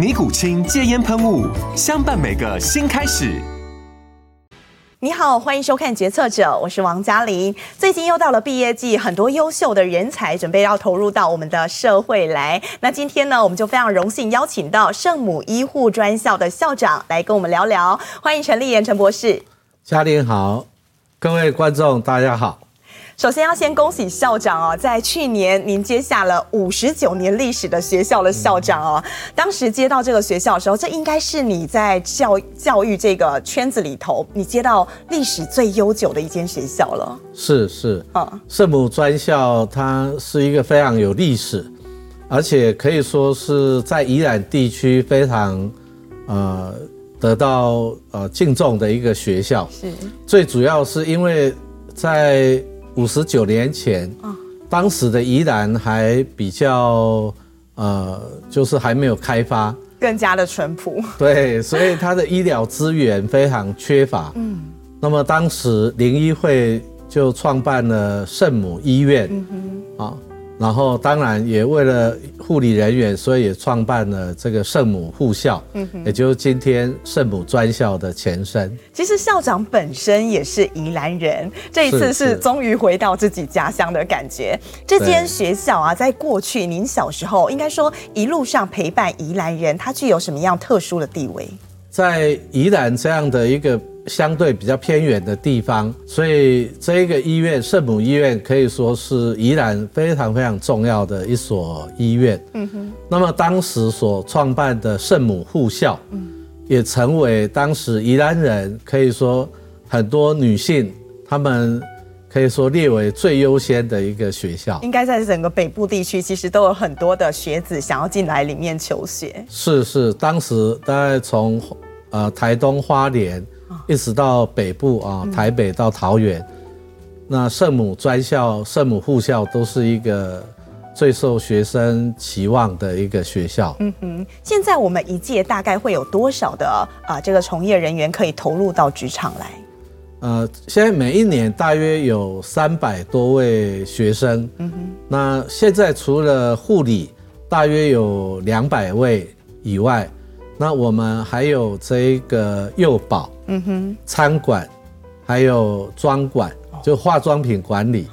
尼古清戒菸噴霧，相伴每個新開始。你好，歡迎收看《決策者》，我是王嘉琳。最近又到了畢業季，很多優秀的人才準備要投入到我們的社會來。那今天呢，我們就非常榮幸邀請到聖母醫護專校的校長來跟我們聊聊。歡迎陳立言陳博士。嘉琳好，各位觀眾大家好。首先要先恭喜校長哦，在去年您接下了五十九年歷史的學校的校長哦。當時接到這個學校的時候，這應該是你在教教育這個圈子裡頭，你接到歷史最悠久的一間學校了。是是，嗯，聖母專校它是一個非常有歷史，而且可以說是在宜蘭地區非常呃得到呃敬重的一個學校。是，最主要是因為在五十九年前，當時的宜蘭還比較，呃，就是還沒有開發，更加的淳樸，對，所以它的醫療資源非常缺乏，嗯， 那麼當時靈醫會就創辦了聖母醫院，啊、嗯。哦然後，當然也為了護理人員，所以也創辦了這個聖母護校，嗯，也就是今天聖母專校的前身。其實校長本身也是宜蘭人，這一次是終於回到自己家鄉的感覺。是是。這間學校啊，在過去您小時候，應該說一路上陪伴宜蘭人，它具有什麼樣特殊的地位？在宜蘭這樣的一個。相對比較偏遠的地方，所以這一個醫院聖母醫院可以說是宜蘭非常非常重要的一所醫院。嗯哼。那麼當時所創辦的聖母護校，嗯，也成為當時宜蘭人可以說很多女性，她們可以說列為最優先的一個學校。應該在整個北部地區，其實都有很多的學子想要進來裡面求學。是是，當時大概從呃台東花蓮。一直到北部啊，台北到桃園，嗯，那聖母專校、聖母護校都是一個最受學生期望的一個學校。嗯哼，現在我們一屆大概會有多少的啊？呃，這個從業人員可以投入到職場來？呃，現在每一年大約有三百多位學生。嗯哼，那現在除了護理，大約有兩百位以外。那我們還有這個幼保，嗯哼，餐管，還有妝管，就化妝品管理，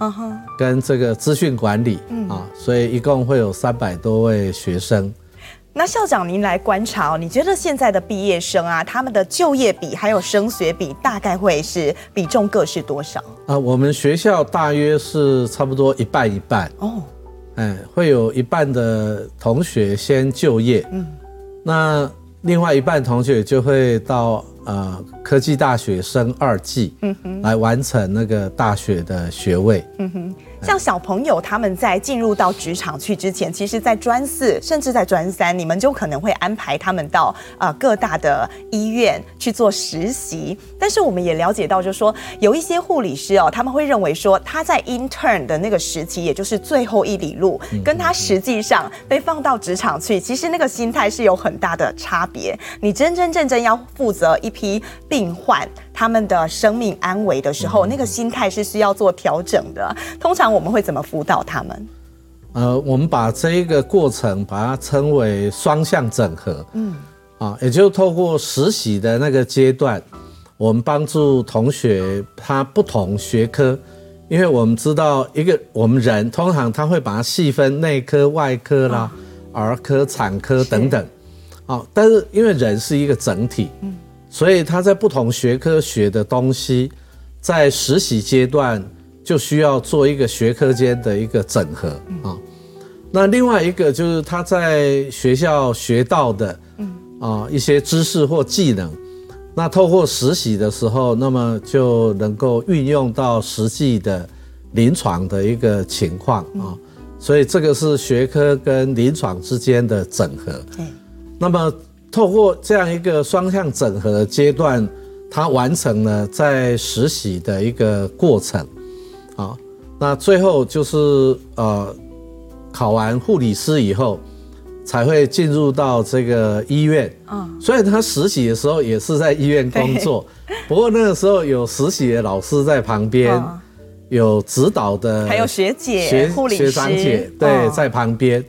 跟這個資訊管理，啊，所以一共會有三百多位學生，嗯。那校長您來觀察，你覺得現在的畢業生啊，他們的就業比還有升學比大概會是比重各是多少？啊，我們學校大約是差不多一半一半哦，會有一半的同學先就業，嗯，那。另外一半同學就會到呃科技大學升二技，嗯，來完成那個大學的學位。嗯哼像小朋友他們在進入到職場去之前，其實，在專四甚至在專三，你們就可能會安排他們到呃各大的醫院去做實習。但是我們也了解到，就是說有一些護理師哦，他們會認為說他在 intern 的那個時期，也就是最後一里路，跟他實際上被放到職場去，其實那個心態是有很大的差別。你真真正正要負責一批病患。他們的生命安危的時候，那個心態是需要做調整的。通常我們會怎麼輔導他們？呃，我們把這一個過程把它稱為雙向整合。嗯，啊，也就是透過實習的那個階段，我們幫助同學他不同學科，因為我們知道一個我們人通常他會把它細分內科、外科啦、兒科、哦、產科等等。啊，但是因為人是一個整體。嗯。所以他在不同學科學的東西，在實習階段就需要做一個學科間的一個整合啊。那另外一個就是他在學校學到的，嗯啊一些知識或技能，那透過實習的時候，那麼就能夠運用到實際的臨床的一個情況啊。所以這個是學科跟臨床之間的整合。那麼。透過這樣一個雙向整合的階段，他完成了在實習的一個過程，好，那最後就是呃，考完護理師以後，才會進入到這個醫院。嗯，所以他實習的時候也是在醫院工作，不過那個時候有實習的老師在旁邊、嗯，有指導的，還有學姐、學、護理師、學長姐，對，嗯、在旁邊。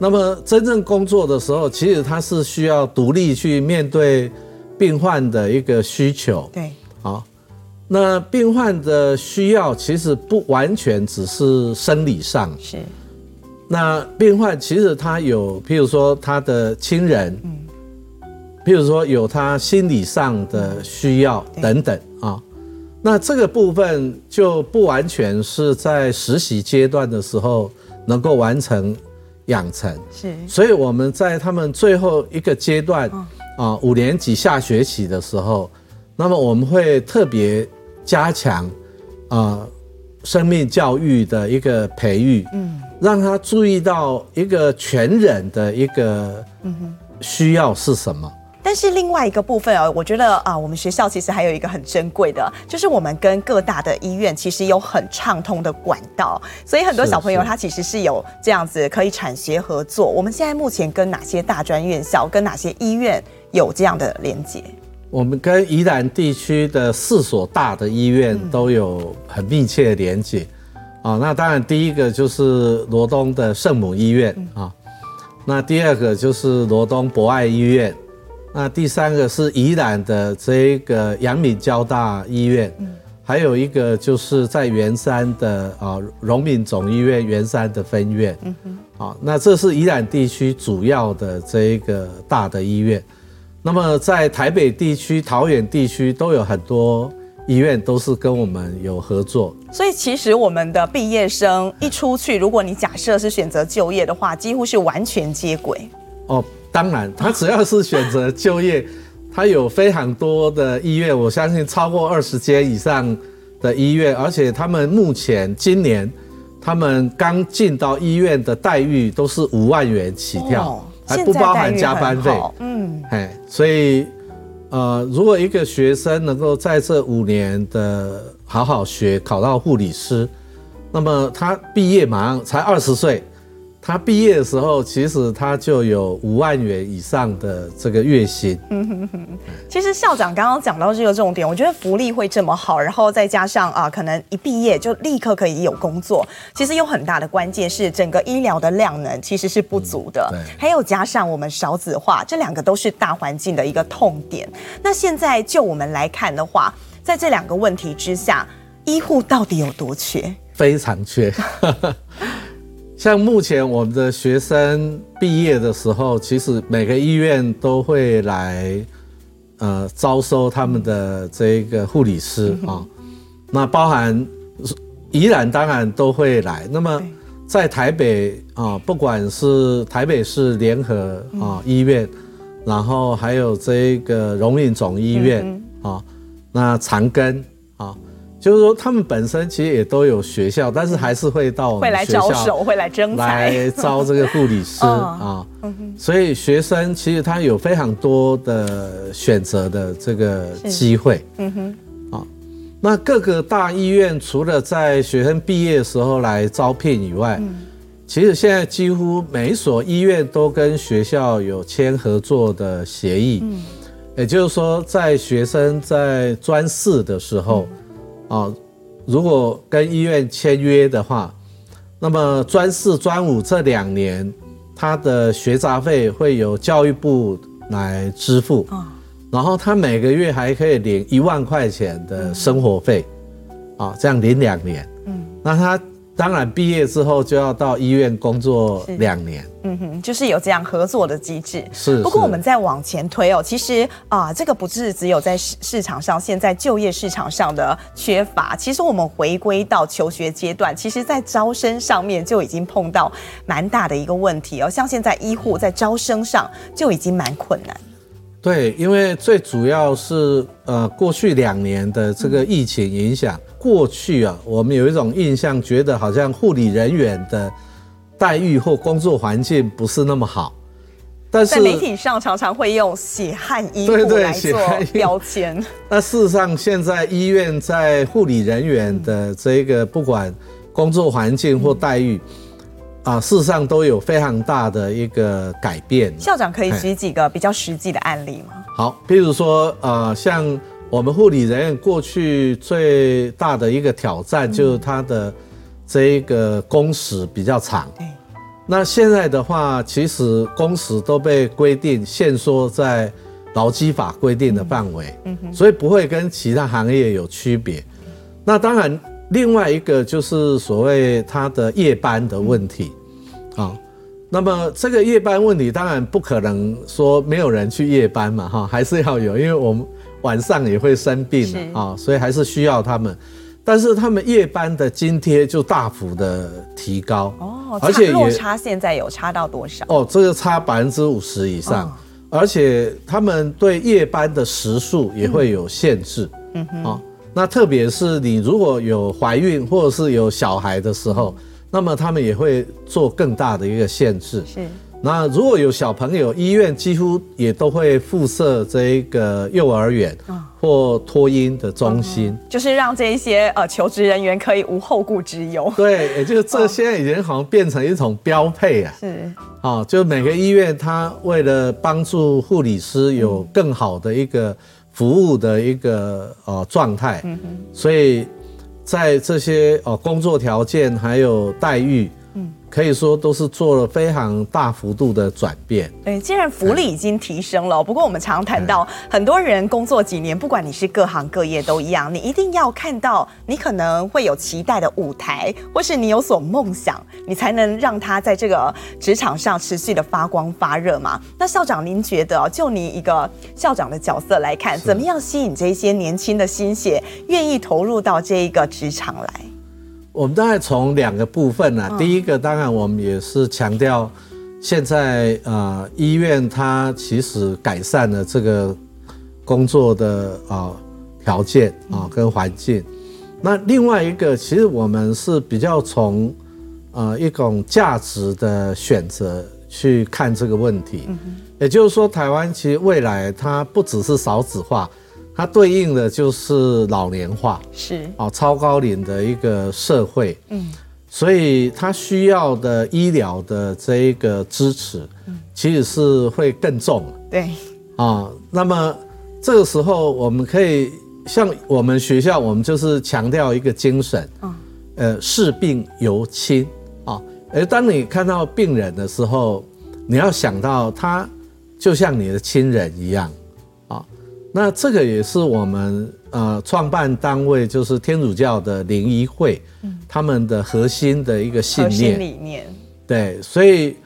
那麼真正工作的時候，其實他是需要獨立去面對病患的一個需求。對，好，那病患的需要其實不完全只是生理上。是，那病患其實他有，譬如說他的親人，嗯，譬如說有他心理上的需要，嗯，等等啊，那這個部分就不完全是在實習階段的時候能夠完成。養成是，所以我們在他們最後一個階段，啊、呃，五年級下學期的時候，那麼我們會特別加強啊、呃、生命教育的一個培育，嗯，讓他注意到一個全人的一個嗯，需要是什麼。但是另外一個部分啊，我覺得啊，我們學校其實還有一個很珍貴的，就是我們跟各大的醫院其實有很暢通的管道，所以很多小朋友他其實是有這樣子可以產學合作。我們現在目前跟哪些大專院校、跟哪些醫院有這樣的連接？我們跟宜蘭地區的四所大的醫院都有很密切的連接啊。那當然，第一個就是羅東的聖母醫院啊，那第二個就是羅東博愛醫院。那第三個是宜蘭的這一個陽明交大醫院，嗯、還有一個就是在員山的啊、哦、榮民總醫院員山的分院，好、嗯哦，那這是宜蘭地區主要的這一個大的醫院。那麼在台北地區、桃園地區都有很多醫院都是跟我們有合作，所以其實我們的畢業生一出去，嗯、如果你假設是選擇就業的話，幾乎是完全接軌哦。當然，他只要是選擇就業，他有非常多的醫院，我相信超過二十間以上的醫院，而且他們目前今年他們剛進到醫院的待遇都是五萬元起跳，還不包含加班費。嗯，所以呃，如果一個學生能夠在這五年的好好學，考到護理師，那麼他畢業馬上才二十歲。他畢業的時候，其實他就有五萬元以上的這個月薪。嗯、呵呵，其實校長剛剛講到這個重點，我覺得福利會這麼好，然後再加上啊、呃，可能一畢業就立刻可以有工作，其實有很大的關鍵是整個醫療的量能其實是不足的，嗯、還有加上我們少子化，這兩個都是大環境的一個痛點。那現在就我們來看的話，在這兩個問題之下，醫護到底有多缺？非常缺。 像目前我們的學生畢業的時候，其實每個醫院都會來，呃，招收他們的這一個護理師啊、嗯哦。那包含宜蘭當然都會來。那麼在台北啊、哦，不管是台北市聯合啊、哦、醫院、嗯，然後還有這一個榮民總醫院啊、嗯哦，那長庚啊。哦就是說，他們本身其實也都有學校，但是還是會到學校來會來招手，會來徵才來招這個護理師啊。 所以學生其實他有非常多的選擇的這個機會。嗯哼。那各個大醫院除了在學生畢業的時候來招聘以外，嗯，其實現在幾乎每一所醫院都跟學校有簽合作的協議，嗯。也就是說，在學生在專四的時候。嗯哦，如果跟醫院簽約的話，那麼專四、專五這兩年，他的學雜費會由教育部來支付。然後他每個月還可以領一萬塊錢的生活費，啊、哦，這樣領兩年。嗯，那他。當然，畢業之後就要到醫院工作兩年。嗯哼，就是有這樣合作的機制。是，不過我們再往前推哦，其實啊、呃，這個不是只有在市場上，現在就業市場上的缺乏。其實我們回歸到求學階段，其實，在招生上面就已經碰到蠻大的一個問題哦。像現在醫護在招生上就已經蠻困難。對，因為最主要是呃，過去兩年的這個疫情影響，嗯，過去啊，我們有一種印象，覺得好像護理人員的待遇或工作環境不是那麼好。但是在媒體上常常，常會用血汗醫院來做標籤。對對，那事實上，現在醫院在護理人員的這個不管工作環境或待遇，嗯嗯啊，事實上都有非常大的一個改變。校長可以舉幾個比較實際的案例嗎？好，比如說，啊、呃、像我們護理人員過去最大的一個挑戰，就是他的這一個工時比較長、嗯。那現在的話，其實工時都被規定限縮在勞基法規定的範圍、嗯，所以不會跟其他行業有區別、嗯。那當然。另外一個就是所謂他的夜班的問題，啊、嗯哦，那麼這個夜班問題當然不可能說沒有人去夜班嘛，哈，還是要有，因為我們晚上也會生病啊、哦，所以還是需要他們。但是他們夜班的津貼就大幅的提高哦，而且也差，落差現在有差到多少？哦，這個差百分之五十以上、哦，而且他們對夜班的時數也會有限制，嗯，嗯哼，哦那特別是你如果有懷孕或者是有小孩的時候，那麼他們也會做更大的一個限制。是。那如果有小朋友，醫院幾乎也都會附設這一個幼兒園或托嬰的中心，嗯，就是讓這一些呃求職人員可以無後顧之憂。對，也就是這現在已經好像變成一種標配啊。嗯，是。啊，就每個醫院它為了幫助護理師有更好的一個。服務的一個呃狀態，所以，在這些呃工作條件還有待遇。可以說都是做了非常大幅度的轉變。誒，既然福利已經提升了，嗯，不過我們常談到，很多人工作幾年，不管你是各行各業都一樣，你一定要看到你可能會有期待的舞台，或是你有所夢想，你才能讓他在這個職場上持續的發光發熱嘛。那校長，您覺得，就你一個校長的角色來看，怎麼樣吸引這些年輕的新血，願意投入到這一個職場來？我們大概從兩個部分呢、啊，第一個當然我們也是強調，現在呃醫院它其實改善了這個工作的啊條、呃、件啊、呃、跟環境、嗯。那另外一個，其實我們是比較從呃一種價值的選擇去看這個問題，嗯、也就是說台灣其實未來它不只是少子化。它對應的就是老年化，是啊，超高齡的一個社會，嗯，所以它需要的醫療的這一個支持，嗯、其實是會更重，對啊、哦。那麼這個時候，我們可以像我們學校，我們就是強調一個精神，嗯，呃，視病由親視病猶親啊、哦。而當你看到病人的時候，你要想到他就像你的親人一樣啊。哦那這個也是我們呃創辦單位，就是天主教的靈醫會、嗯，他們的核心的一個信念核心理念。對，所以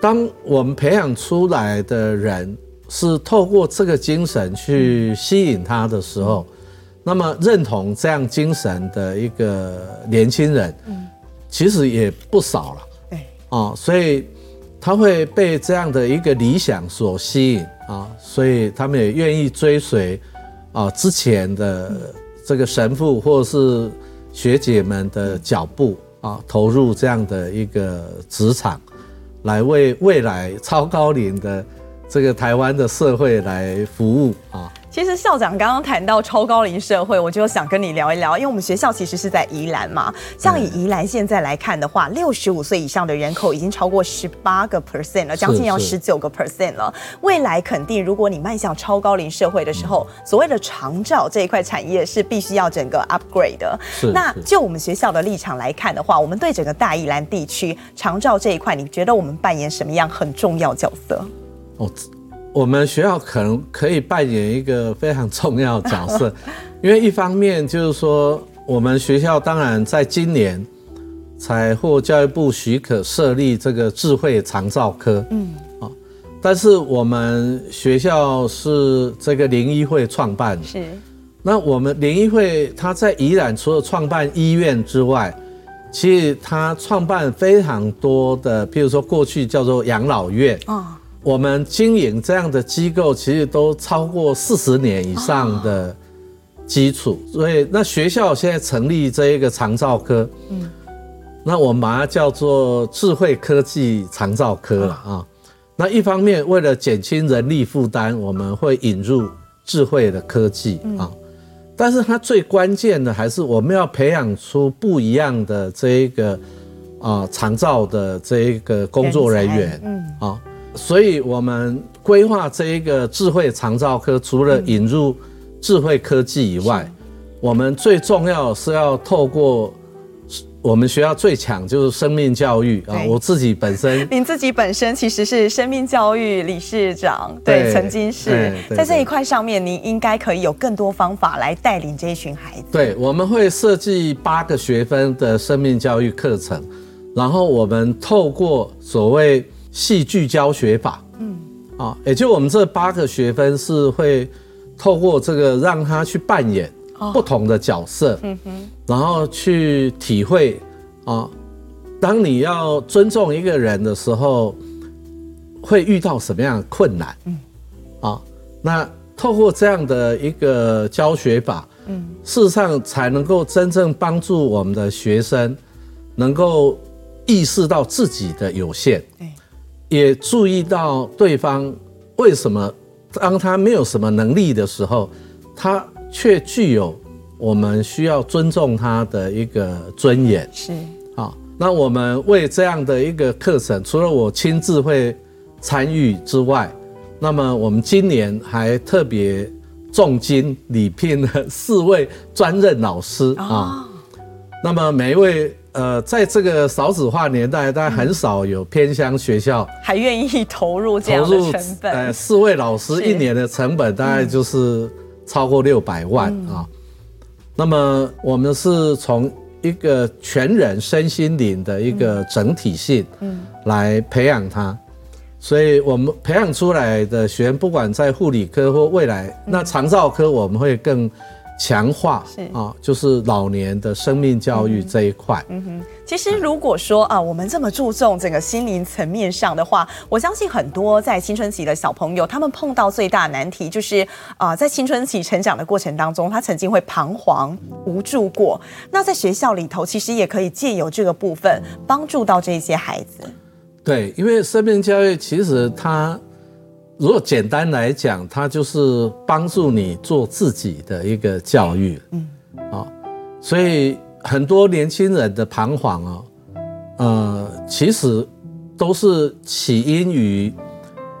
當我們培養出來的人是透過這個精神去吸引他的時候，嗯、那麼認同這樣精神的一個年輕人、嗯，其實也不少了。哎、欸哦，所以。他會被這樣的一個理想所吸引啊，所以他們也願意追隨啊之前的這個神父或是學姐們的腳步啊，投入這樣的一個職場，來為未來超高齡的。這個台灣的社會來服務啊！其實校長剛剛談到超高齡社會，我就想跟你聊一聊，因為我們學校其實是在宜蘭嘛。像以宜蘭現在來看的話，六十五歲以上的人口已經超過十八個 percent 了，將近要十九個 percent 了。未來肯定，如果你邁向超高齡社會的時候，所謂的長照這一塊產業是必須要整個 upgrade 的。那就我們學校的立場來看的話，我們對整個大宜蘭地區長照這一塊，你覺得我們扮演什麼樣很重要角色？我們學校可能可以扮演一個非常重要角色，因為一方面就是說，我們學校當然在今年才獲教育部許可設立這個智慧長照科，嗯啊，但是我們學校是這個靈醫會創辦的，是那我們靈醫會他在宜蘭除了創辦醫院之外，其實他創辦非常多的，譬如說過去叫做養老院，我們經營這樣的機構，其實都超過四十年以上的基礎，所以那學校現在成立這一個長照科，那我們把它叫做智慧科技長照科了啊。那一方面為了減輕人力負擔，我們會引入智慧的科技啊，但是它最關鍵的還是我們要培養出不一樣的這一個啊長照的這一個工作人員，嗯，啊。所以，我們規劃這一個智慧長照科，除了引入智慧科技以外，我們最重要是要透過我們學校最強就是生命教育啊。我自己本身，您自己本身其實是生命教育理事長，對，對曾經是，對對對，在這一塊上面，您應該可以有更多方法來帶領這一群孩子。對，我們會設計八個學分的生命教育課程，然後我們透過所謂，戲劇教學法，嗯，啊、欸，也就我們這八個學分是會透過這個讓他去扮演不同的角色，嗯、哦、哼，然後去體會啊，當你要尊重一個人的時候，會遇到什麼樣的困難，嗯，啊，那透過這樣的一個教學法，嗯，事實上才能夠真正幫助我們的學生能夠意識到自己的有限，也注意到對方為什麼，當他沒有什麼能力的時候，他卻具有我們需要尊重他的一個尊嚴。是，好，那我們為這樣的一個課程，除了我親自會參與之外，那麼我們今年還特別重金禮聘了四位專任老師啊，哦嗯，那麼每一位。呃，在這個少子化年代，大概很少有偏鄉學校還願意投入這樣的成本。四位老師一年的成本大概就是超過六百萬啊、哦。那麼我們是從一個全人身心靈的一個整體性，來培養他。所以我們培養出來的學員，不管在護理科或未來那長照科，我們會更。強化啊、哦，就是老年的生命教育這一塊。嗯哼、嗯，其實如果說啊，我們這麼注重整個心靈層面上的話，我相信很多在青春期的小朋友，他們碰到最大難題就是啊、呃，在青春期成長的過程當中，他曾經會彷徨無助過。那在學校裡頭，其實也可以借由這個部分幫助到這些孩子。對，因為生命教育其實它。如果簡單來講，它就是幫助你做自己的一個教育，啊，所以很多年輕人的彷徨啊，呃，其實都是起因於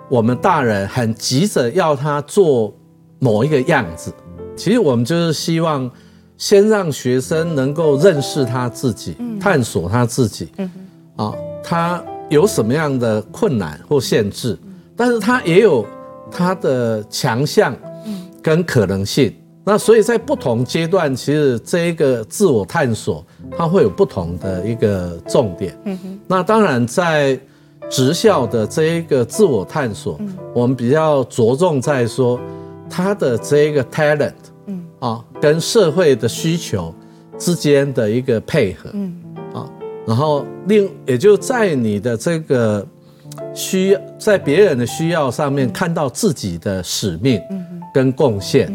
我們大人很急着要他做某一個樣子。其實我們就是希望先讓學生能夠認識他自己，探索他自己，啊、哦，他有什麼樣的困難或限制。但是它也有它的強項，嗯，跟可能性。那所以在不同階段，其實這一個自我探索，它會有不同的一個重點。嗯哼。那當然，在職校的這一個自我探索，我們比較着重在說他的這一個 talent，嗯，啊，跟社會的需求之間的一個配合，嗯，啊，然後另也就在你的這個。需要在別人的需要上面看到自己的使命跟貢獻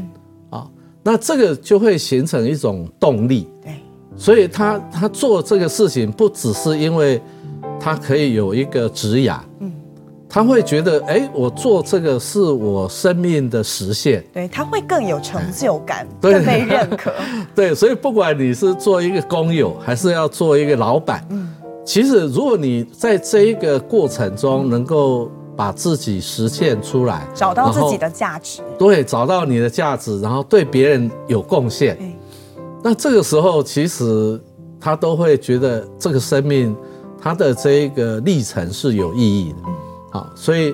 啊，那這個就會形成一種動力。所以他他做這個事情不只是因為他可以有一個職涯，他會覺得哎、欸，我做這個是我生命的實現，對他會更有成就感，更被認可。對，所以不管你是做一個工友，還是要做一個老闆，其實，如果你在這一個過程中能夠把自己實現出來，找到自己的價值，對，找到你的價值，然後對別人有貢獻，那這個時候其實他都會覺得這個生命他的這一個歷程是有意義的。好，所以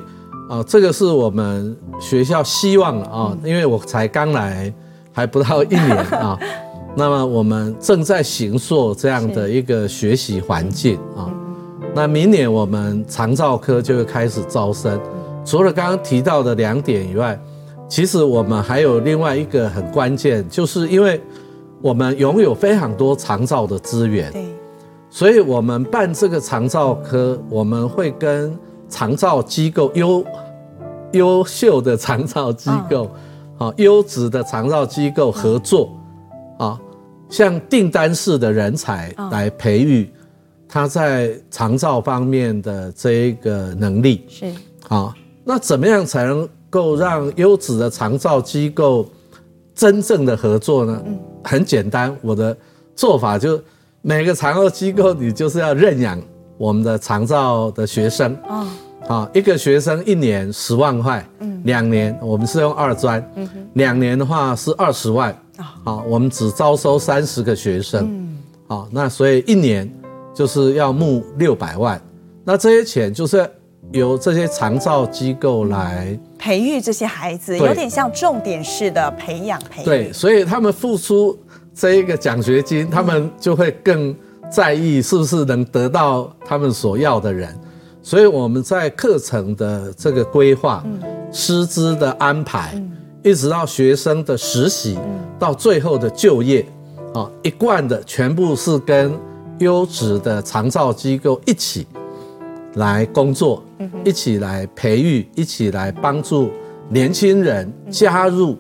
啊、呃，這個是我們學校希望啊、哦，因為我才剛來，還不到一年啊。 那麼我們正在形塑這樣的一個學習環境啊。那明年我們長照科就會開始招生、嗯。除了剛剛提到的兩點以外，其實我們還有另外一個很關鍵，就是因為我們擁有非常多長照的資源，對，所以我們辦這個長照科、嗯，我們會跟長照機構優優秀的長照機構啊、哦，優質的長照機構合作。哦嗯像訂單式的人才來培育，他在長照方面的這一個能力是好。那怎麼樣才能夠讓優質的長照機構真正的合作呢、嗯？很簡單，我的做法就每個長照機構你就是要認養我們的長照的學生啊、嗯，一個學生一年十萬塊，兩年我們是用二專，嗯、兩年的話是二十萬。啊，好，我們只招收三十個學生，嗯，好，那所以一年就是要募六百萬，那這些錢就是由這些長照機構來培育這些孩子，有點像重點式的培養培養。對，所以他們付出這一個獎學金、嗯，他們就會更在意是不是能得到他們所要的人，所以我們在課程的這個規劃、嗯，師資的安排。嗯一直到學生的實習，到最後的就業，啊，一貫的全部是跟優質的長照機構一起來工作，一起來培育，一起來幫助年輕人加入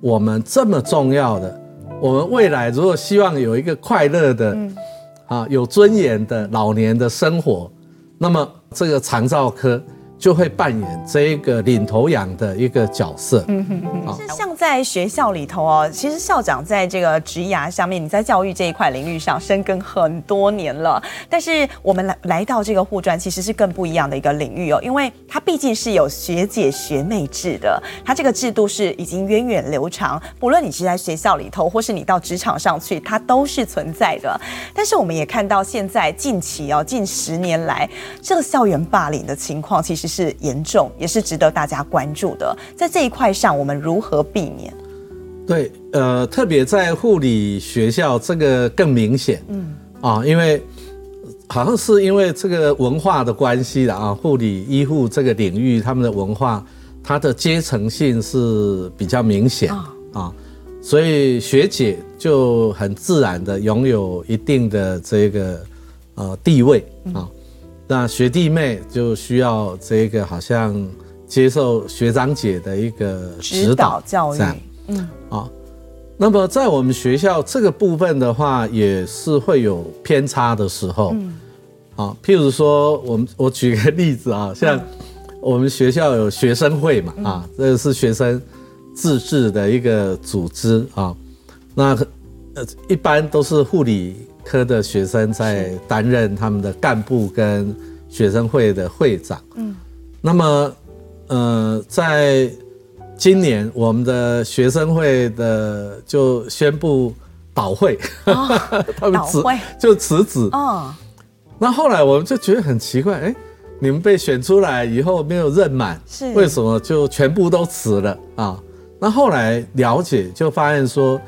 我們這麼重要的，我們未來如果希望有一個快樂的，啊，有尊嚴的老年的生活，那麼這個長照科。就會扮演這一個領頭羊的一個角色。嗯哼，其實像在學校裡頭哦，其實校長在這個職涯上面，你在教育這一塊領域上深耕很多年了。但是我們來來到這個護專，其實是更不一樣的一個領域哦，因為它畢竟是有學姐學妹制的，它這個制度是已經源遠流長。不論你是在學校裡頭，或是你到職場上去，它都是存在的。但是我們也看到，現在近期哦，近十年來這個校園霸凌的情況，其實。是嚴重，也是值得大家關注的。在這一塊上，我們如何避免？對，呃，特別在護理學校這個更明顯，嗯啊、哦，因為好像是因為這個文化的關係啦，啊，護理醫護這個領域，他們的文化，它的階層性是比較明顯啊、哦哦，所以學姐就很自然的擁有一定的這個呃地位啊。嗯那學弟妹就需要這個，好像接受學長姐的一個指導教育，嗯，那麼在我們學校這個部分的話，也是會有偏差的時候，嗯，譬如說，我們我舉個例子啊，像我們學校有學生會嘛，啊，這是學生自治的一個組織啊，那呃，一般都是護理。科的學生在擔任他們的幹部跟學生會的會長。嗯，那麼呃，在今年我們的學生會的就宣布倒會，哦，他們辭、哦、就辭職。那後來我們就覺得很奇怪，哎，你們被選出來以後沒有任滿，為什麼就全部都辭了啊？那後來了解就發現說。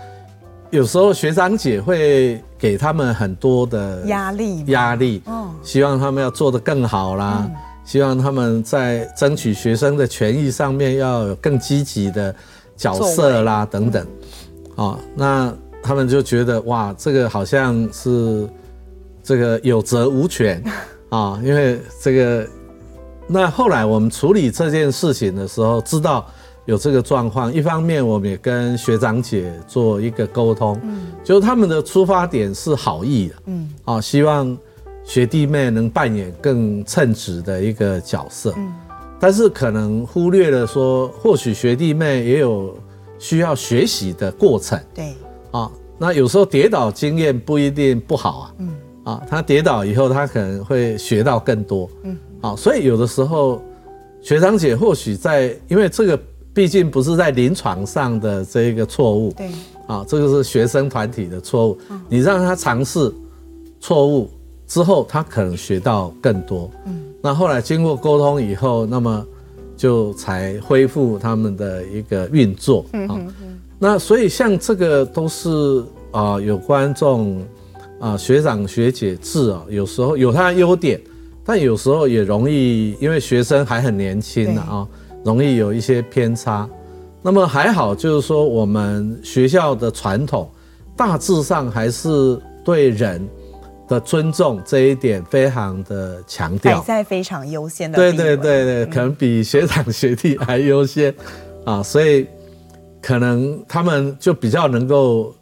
有時候學長姐會給他們很多的壓力，壓力，希望他們要做得更好啦，希望他們在爭取學生的權益上面要有更積極的角色啦，等等。啊，那他們就覺得哇，這個好像是這個有責無權啊，因為這個。那後來我們處理這件事情的時候，知道。有這個狀況，一方面我們也跟學長姐做一個溝通，嗯，就是他們的出發點是好意的，嗯，啊、哦，希望學弟妹能扮演更稱職的一個角色，嗯，但是可能忽略了說，或許學弟妹也有需要學習的過程，對，啊、哦，那有時候跌倒經驗不一定不好啊，嗯，啊、哦，他跌倒以後他可能會學到更多，嗯，好、哦，所以有的時候學長姐或許在因為這個。畢竟不是在臨床上的這個錯誤，對，啊，這個是學生團體的錯誤，嗯。你讓他嘗試錯誤之後，他可能學到更多。嗯，那後來經過溝通以後，那麼就才恢復他們的一個運作，嗯，嗯，嗯、啊，那所以像這個都是啊、呃，有觀眾啊，學長學姐制啊、哦，有時候有他的優點，但有時候也容易，因為學生還很年輕啊。容易有一些偏差，那麼還好，就是說我們學校的傳統，大致上還是對人的尊重這一點非常的強調，擺在非常優先的，對對對對，可能比學長學弟還優先、嗯、啊，所以可能他們就比較能夠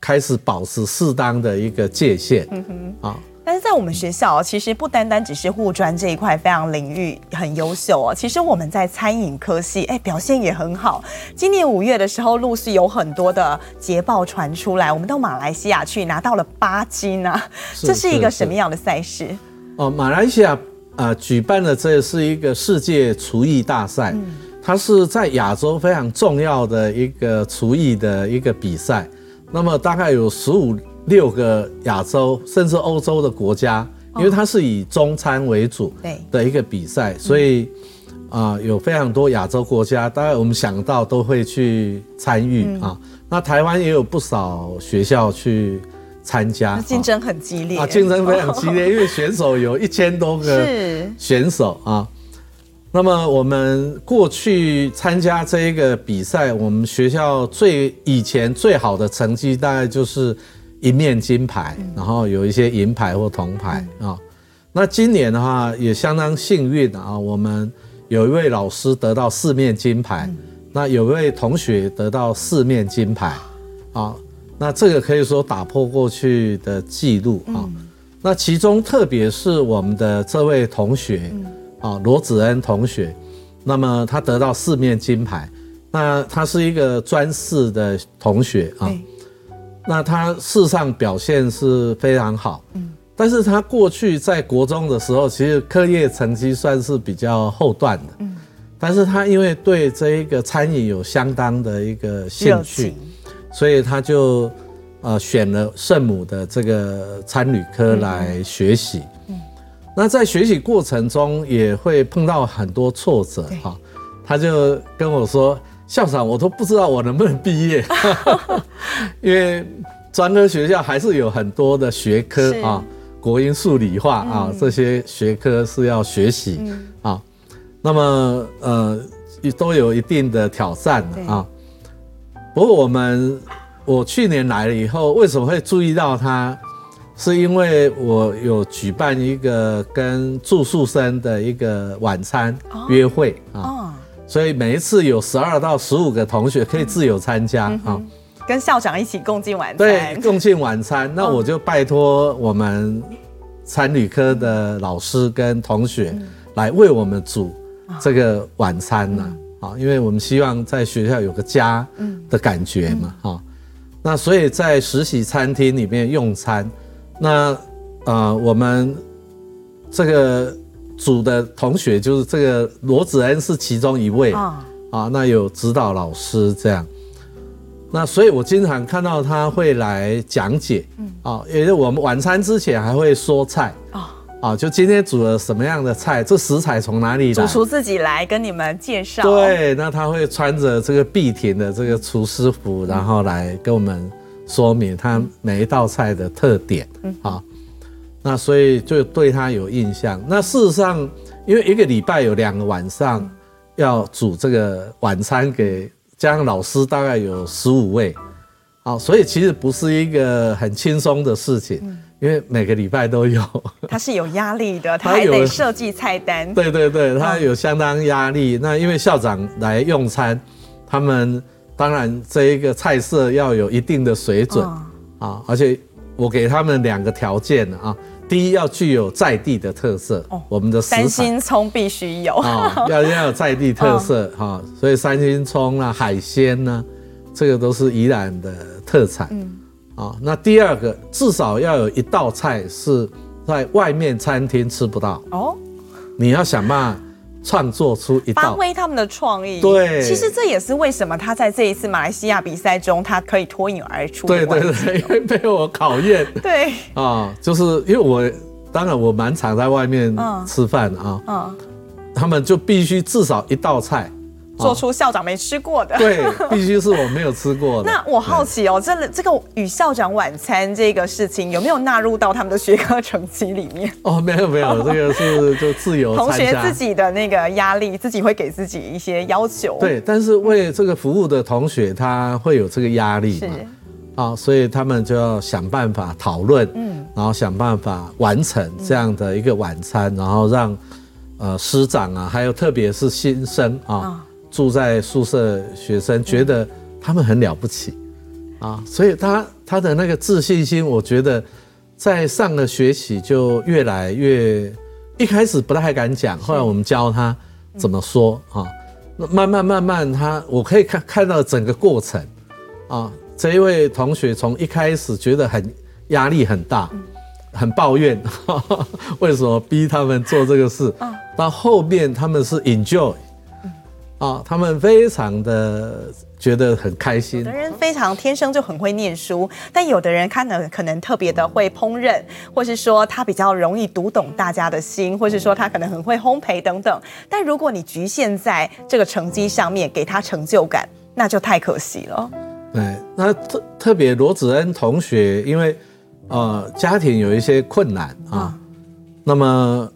開始保持適當的一個界限，嗯、哼啊。但是在我們學校其實不單單只是護專這一塊非常領域很優秀哦、喔。其實我們在餐飲科系，哎、欸，表現也很好。今年五月的時候，陸續有很多的捷報傳出來，我們到馬來西亞去拿到了八金啊！這是一個什麼樣的賽事？哦，馬來西亞啊、呃、舉辦的這是一個世界廚藝大賽、嗯，它是在亞洲非常重要的一個廚藝的一個比賽。那麼大概有十五六個亞洲甚至歐洲的國家，因為它是以中餐為主的一個比賽，哦、所以啊、嗯呃，有非常多亞洲國家，大概我們想到都會去參與、嗯、啊。那台灣也有不少學校去參加，競爭很激烈啊，競爭非常激烈、哦，因為選手有一千多個選手，是啊。那麼我們過去參加這一個比賽，我們學校最以前最好的成績大概就是。一面金牌，然後有一些銀牌或銅牌啊。那今年的話也相當幸運啊，我們有一位老師得到四面金牌，那有一位同學得到四面金牌啊。那這個可以說打破過去的記錄啊。那其中特別是我們的這位同學啊，羅子恩同學，那麼他得到四面金牌，那他是一個專四的同學啊。那他事實上表現是非常好，但是他過去在國中的時候，其實課業成績算是比較後段的，但是他因為對這一個餐飲有相當的一個興趣，所以他就呃選了聖母的這個餐旅科來學習，那在學習過程中也會碰到很多挫折哈，他就跟我說。校長，我都不知道我能不能畢業，因為專科學校還是有很多的學科啊，國英數理化啊這些學科是要學習啊，那麼呃都有一定的挑戰啊。不過我們我去年來了以後，為什麼會注意到他？是因為我有舉辦一個跟住宿生的一個晚餐約會啊。所以每一次有十二到十五個同學可以自由參加、嗯嗯、跟校長一起共進晚餐。對，共進晚餐， 那我就拜託我們餐旅科的老師跟同學來為我們煮這個晚餐了啊、嗯，因為我們希望在學校有個家的感覺嘛，哈、嗯。那所以在實習餐廳裡面用餐，那啊、呃，我們這個。組的同學就是這個羅子恩是其中一位啊啊、哦哦，那有指導老師這樣，那所以我經常看到他會來講解，嗯啊，也、哦、是我們晚餐之前還會說菜啊啊、哦哦，就今天煮了什麼樣的菜，這食材從哪裡來？主廚自己來跟你們介紹。對，那他會穿着這個碧庭的這個廚師服、嗯，然後來跟我們說明他每一道菜的特點啊。嗯哦那所以就對他有印象。那事實上，因為一個禮拜有兩個晚上要煮這個晚餐給家長老師，大概有十五位，好，所以其實不是一個很輕鬆的事情，因為每個禮拜都有。他是有壓力的，他還得設計菜單。對對對，他有相當壓力。那因為校長來用餐，他們當然這一個菜色要有一定的水準啊，而且我給他們兩個條件啊。第一要具有在地的特色，哦、我們的三星蔥必須有，要、哦、要有在地特色哈、哦哦，所以三星蔥啊，海鮮呢、啊，這個都是宜蘭的特產。嗯，啊、哦，那第二個至少要有一道菜是在外面餐廳吃不到哦，你要想辦法。創作出一道，發揮他們的創意。對，其實這也是為什麼他在這一次馬來西亞比賽中，他可以脫穎而出。對對對，因為被我考驗。 對啊、哦，就是因為我，當然我蠻常在外面吃飯啊、哦嗯。嗯，他們就必須至少一道菜。做出校長沒吃過的、哦，對，必須是我沒有吃過的。 那我好奇哦，這這個與、這個、校長晚餐這個事情有沒有納入到他們的學科成績裡面？哦，沒有沒有，這個是就自由同學自己的那個壓力，自己會給自己一些要求。對，但是為這個服務的同學，他會有這個壓力是，啊、哦，所以他們就要想辦法討論，嗯，然後想辦法完成這樣的一個晚餐，嗯、然後讓呃師長啊，還有特別是新生啊。哦哦住在宿舍學生覺得他們很了不起啊，所以他他的那個自信心，我覺得在上個學期就越來越，一開始不太敢講，後來我們教他怎麼說啊，那慢慢慢慢他我可以看看到整個過程啊，這一位同學從一開始覺得很壓力很大，很抱怨，為什麼逼他們做這個事到後，後面他們是 enjoy。啊、哦，他們非常的覺得很開心。有的人非常天生就很會念書，但有的人可能可能特別的會烹飪，或是說他比較容易讀懂大家的心，或是說他可能很會烘焙等等。但如果你局限在這個成績上面給他成就感，那就太可惜了。對，那特特別羅子恩同學，因為呃家庭有一些困難啊、嗯，那麼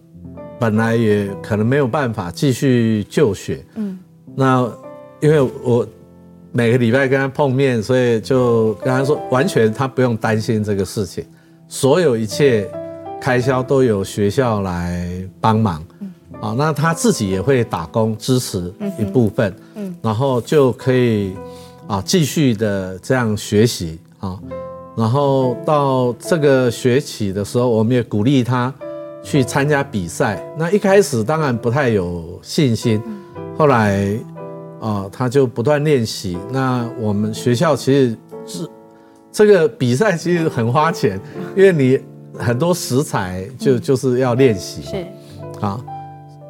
本來也可能沒有辦法繼續就學，嗯。那，因為我每個禮拜跟他碰面，所以就跟他說，完全他不用擔心這個事情，所有一切開銷都由學校來幫忙，啊，那他自己也會打工支持一部分，嗯，然後就可以啊繼續的這樣學習啊，然後到這個學期的時候，我們也鼓勵他去參加比賽。那一開始當然不太有信心。後來，啊、哦，他就不斷練習。那我們學校其實是這個比賽其實很花錢，因為你很多食材就就是要練習。是。啊，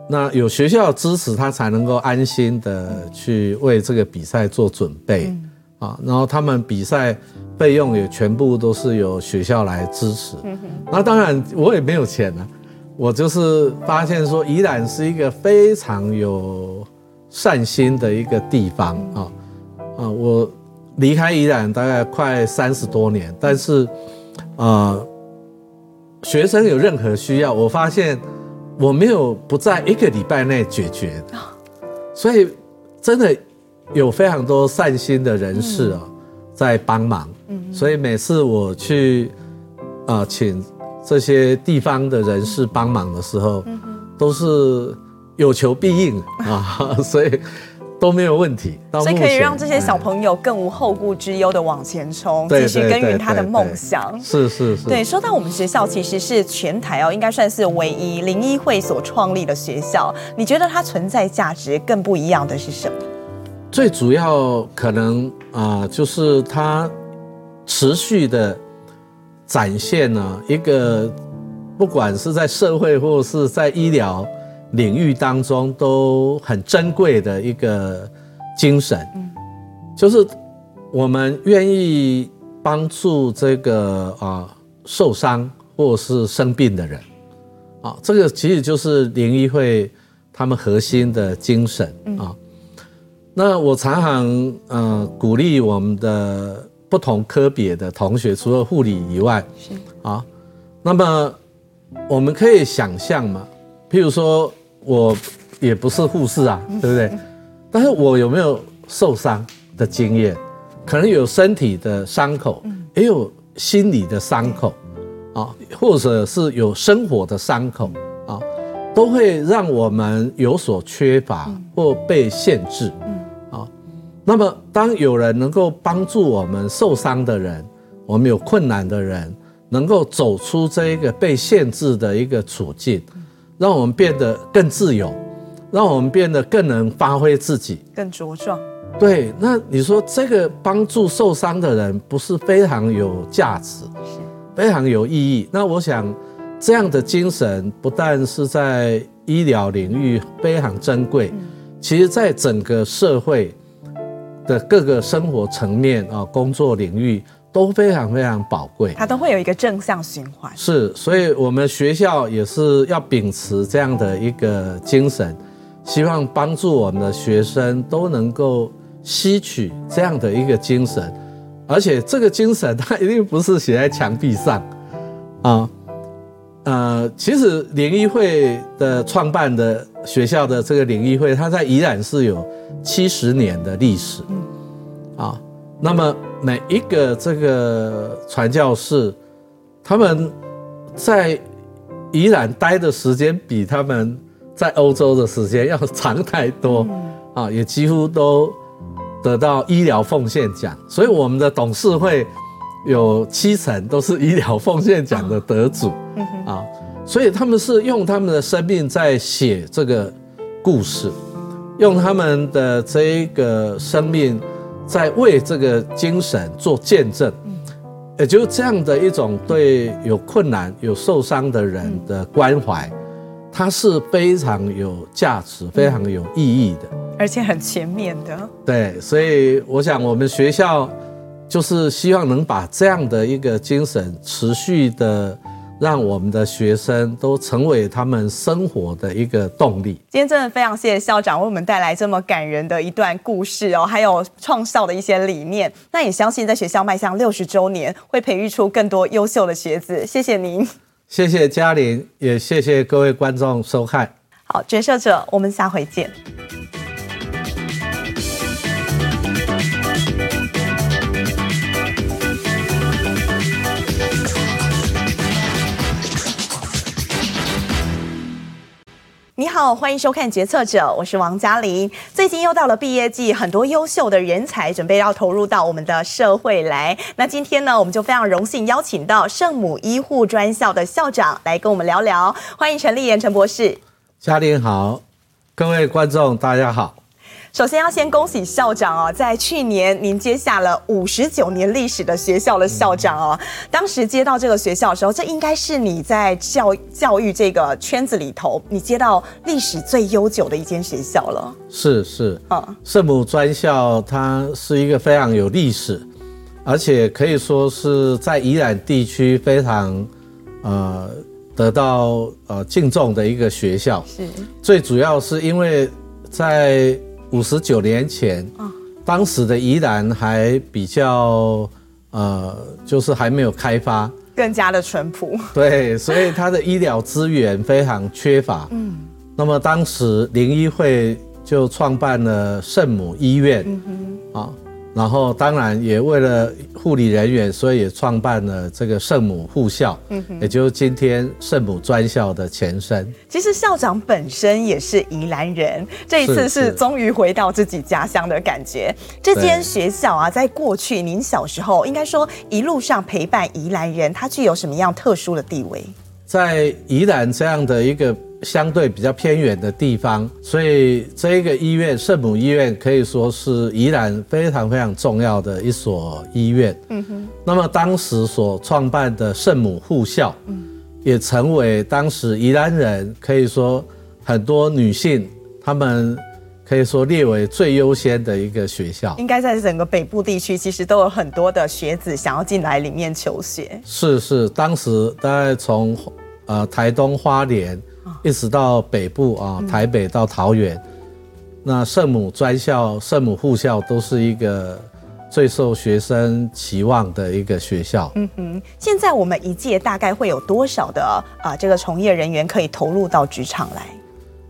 那有學校支持，他才能夠安心的去為這個比賽做準備啊、嗯。然後他們比賽費用也全部都是由學校來支持。嗯哼。那當然我也沒有錢了、啊，我就是發現說，宜蘭是一個非常有。善心的一個地方啊，啊，我離開宜蘭大概快三十多年，但是，呃，學生有任何需要，我發現我沒有不在一個禮拜內解決的，所以真的有非常多善心的人士啊在幫忙，所以每次我去啊請這些地方的人士幫忙的時候，都是。有求必應啊，所以都沒有問題。所以可以讓這些小朋友更無後顧之憂的往前衝，哎、對對對對對，繼續耕耘他的夢想對對對。是是是。對，說到我們學校，其實是全台哦，應該算是唯一靈醫會所創立的學校。你覺得它存在價值更不一樣的是什麼？最主要可能啊、呃，就是它持續的展現了、啊、一個，不管是在社會或是在醫療。領域當中都很珍貴的一個精神，就是我們願意幫助這個啊受傷或是生病的人。啊，這個其實就是靈醫會他們核心的精神啊。那我常常嗯鼓勵我們的不同科別的同學，除了護理以外，啊，那麼我們可以想象嘛，譬如說。我也不是護士啊，對不對？但是我有沒有受傷的經驗？可能有身體的傷口，也有心理的傷口，啊，或者是有生活的傷口啊，都會讓我們有所缺乏或被限制，啊。那麼，當有人能夠幫助我們受傷的人，我們有困難的人，能夠走出這一個被限制的一個處境。讓我們變得更自由，讓我們變得更能發揮自己，更茁壯。對，那你說這個幫助受傷的人，不是非常有價值是，非常有意義。那我想，這樣的精神不但是在醫療領域非常珍貴，嗯、其實在整個社會的各個生活層面啊，工作領域。都非常非常寶貴，它都會有一個正向循環。是，所以我們學校也是要秉持這樣的一個精神，希望幫助我們的學生都能夠吸取這樣的一個精神，而且這個精神它一定不是寫在牆壁上啊、嗯。呃，其實靈醫會的創辦的學校的這個靈醫會，它在宜蘭是有七十年的歷史啊、嗯。那麼。每一個這個傳教士，他們在宜蘭待的時間比他們在歐洲的時間要長太多，啊，也幾乎都得到醫療奉獻獎。所以我們的董事會有七成都是醫療奉獻獎的得主，啊，所以他們是用他們的生命在寫這個故事，用他們的這個生命。在為這個精神做見證、嗯，也就是這樣的一種對有困難、嗯、有受傷的人的關懷，它是非常有價值、嗯、非常有意義的，而且很全面的。對，所以我想我們學校就是希望能把這樣的一個精神持續的。讓我們的學生都成為他們生活的一個動力。今天真的非常謝謝校長為我們帶來這麼感人的一段故事哦，還有創校的一些理念。那也相信在學校邁向六十週年，會培育出更多優秀的學子。謝謝您，謝謝嘉琳，也謝謝各位觀眾收看。好，決策者，我們下回見。你好，歡迎收看《決策者》，我是王嘉琳。最近又到了畢業季，很多優秀的人才準備要投入到我們的社會來。那今天呢，我們就非常榮幸邀請到聖母醫護專校的校長來跟我們聊聊。歡迎陳立言陳博士。嘉琳好，各位觀眾大家好。首先要先恭喜校長哦，在去年您接下了五十九年歷史的學校的校長哦，嗯。當時接到這個學校的時候，這應該是你在教教育這個圈子裡頭，你接到歷史最悠久的一間學校了。是是，嗯，聖母專校它是一個非常有歷史，而且可以說是在宜蘭地區非常呃得到呃敬重的一個學校。是，最主要是因為在五十九年前，當時的宜蘭還比較呃，就是還沒有開發，更加的淳樸。對，所以它的醫療資源非常缺乏。嗯，那麼當時靈醫會就創辦了聖母醫院。嗯哼，啊、哦。然後，當然也為了護理人員，所以也創辦了這個聖母護校，嗯，也就是今天聖母專校的前身。其實校長本身也是宜蘭人，這一次是終於回到自己家鄉的感覺。是是。這間學校啊，在過去您小時候，應該說一路上陪伴宜蘭人，它具有什麼樣特殊的地位？在宜蘭這樣的一個。相對比較偏遠的地方，所以這一個醫院聖母醫院可以說是宜蘭非常非常重要的一所醫院。嗯哼。那麼當時所創辦的聖母護校，嗯、也成為當時宜蘭人可以說很多女性，她們可以說列為最優先的一個學校。應該在整個北部地區，其實都有很多的學子想要進來裡面求學。是是，當時大概從呃台東花蓮。一直到北部啊，台北到桃園，嗯，那聖母專校、聖母護校都是一個最受學生期望的一個學校。嗯哼，現在我們一屆大概會有多少的啊，呃，這個從業人員可以投入到職場來？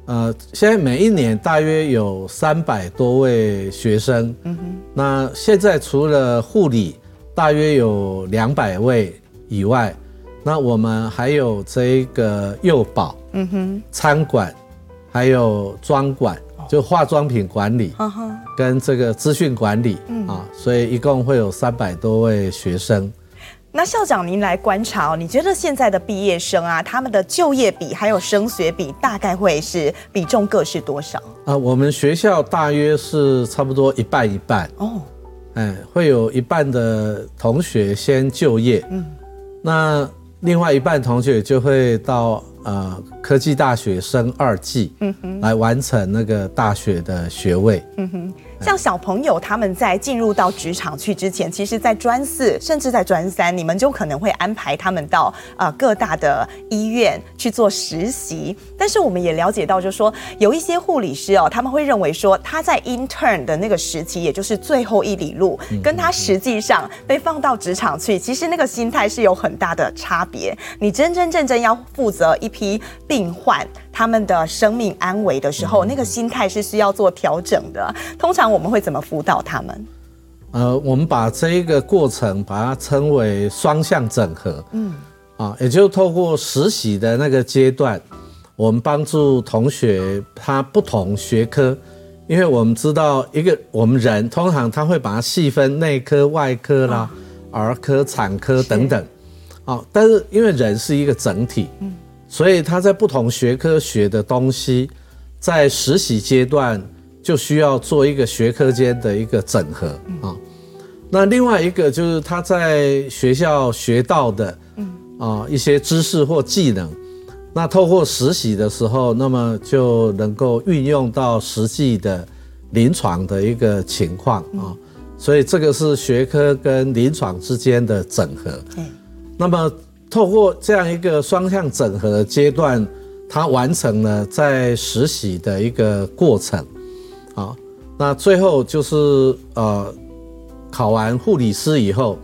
呃，現在每一年大約有三百多位學生。嗯哼，那現在除了護理，大約有兩百位以外。那我們還有這個幼保，嗯哼，餐管、還有妝管，就化妝品管理，跟這個資訊管理，啊、嗯，所以一共會有三百多位學生。那校長您來觀察，你覺得現在的畢業生啊，他們的就業比還有升學比大概會是比重各是多少？啊，我們學校大約是差不多一半一半哦，會有一半的同學先就業，嗯、那。另外一半同學就會到啊，呃科技大學生二技，嗯哼，來完成那個大學的學位，嗯哼。像小朋友他們在進入到職場去之前，其實在，在專四甚至在專三，你們就可能會安排他們到啊、呃、各大的醫院去做實習。但是我們也了解到就是，就說有一些護理師哦，他們會認為說他在 intern 的那個時期，也就是最後一里路、嗯，跟他實際上被放到職場去，其實那個心態是有很大的差別。你真真正正要負責一批。病患他們的生命安危的時候，嗯，那個心態是需要做調整的。通常我們會怎麼輔導他們？呃，我們把這一個過程把它稱為雙向整合。嗯，啊、哦，也就是透過實習的那個階段，我們幫助同學他不同學科，因為我們知道一個我們人通常他會把它細分內科、外科啦、哦、兒科、產科等等。啊、哦，但是因為人是一個整體，嗯。所以他在不同學科學的東西，在實習階段就需要做一個學科間的一個整合啊。那另外一個就是他在學校學到的，嗯啊，一些知識或技能，那透過實習的時候，那麼就能夠運用到實際的臨床的一個情況啊。所以這個是學科跟臨床之間的整合。那麼。透過這樣一個雙向整合的階段，他完成了在實習的一個過程。好，那最後就是呃，考完護理師以後，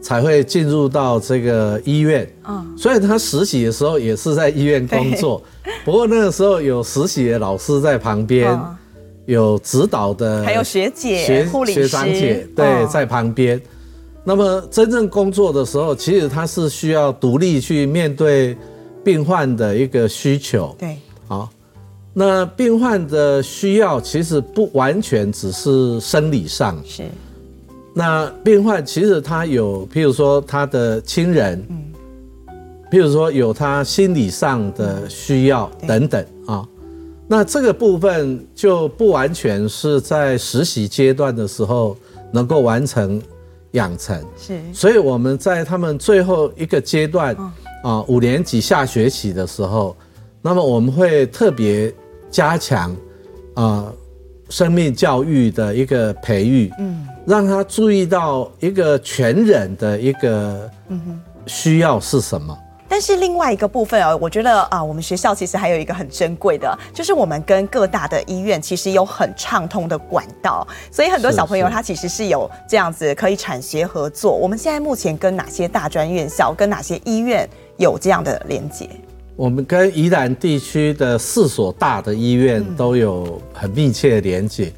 才會進入到這個醫院。嗯，所以他實習的時候也是在醫院工作，不過那個時候有實習的老師在旁邊、嗯、有指導的，還有學姐、學護理師、學長姐、嗯，對，在旁邊。那麼真正工作的時候，其實他是需要獨立去面對病患的一個需求。對，好，那病患的需要其實不完全只是生理上。是，那病患其實他有，譬如說他的親人，嗯，譬如說有他心理上的需要，嗯，等等啊。那這個部分就不完全是在實習階段的時候能夠完成。養成，是，所以我們在他們最後一個階段啊，五年級下學期的時候，那麼我們會特別加強啊，生命教育的一個培育，嗯，讓他注意到一個全人的一個嗯，需要是什麼。但是另外一個部分啊，我覺得啊，我們學校其實還有一個很珍貴的，就是我們跟各大的醫院其實有很暢通的管道，所以很多小朋友他其實是有這樣子可以產學合作。是是，我們現在目前跟哪些大專院校、跟哪些醫院有這樣的連接？我們跟宜蘭地區的四所大的醫院都有很密切的連接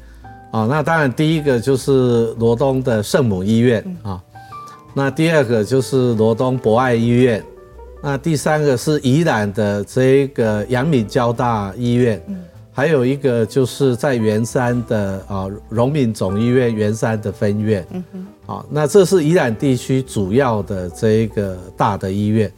啊。嗯。那當然第一個就是羅東的聖母醫院啊。嗯，那第二個就是羅東博愛醫院。那第三個是宜蘭的這一個陽明交大醫院，嗯、還有一個就是在員山的啊、哦、榮民總醫院員山的分院。嗯哼。好、哦，那這是宜蘭地區主要的這一個大的醫院。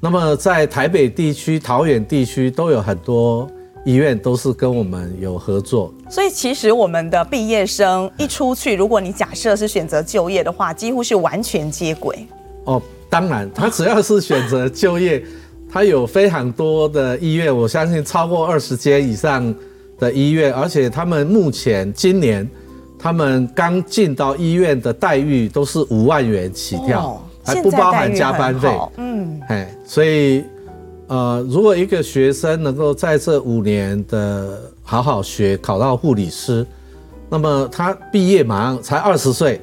那麼在台北地區、桃園地區都有很多醫院都是跟我們有合作。所以其實我們的畢業生一出去，如果你假設是選擇就業的話，幾乎是完全接軌。哦。當然，他只要是選擇就業，他有非常多的醫院，我相信超過二十間以上的醫院，而且他們目前今年他們剛進到醫院的待遇都是五萬元起跳，還不包含加班費。嗯，所以呃，如果一個學生能夠在這五年的好好學，考到護理師，那麼他畢業馬上才二十歲。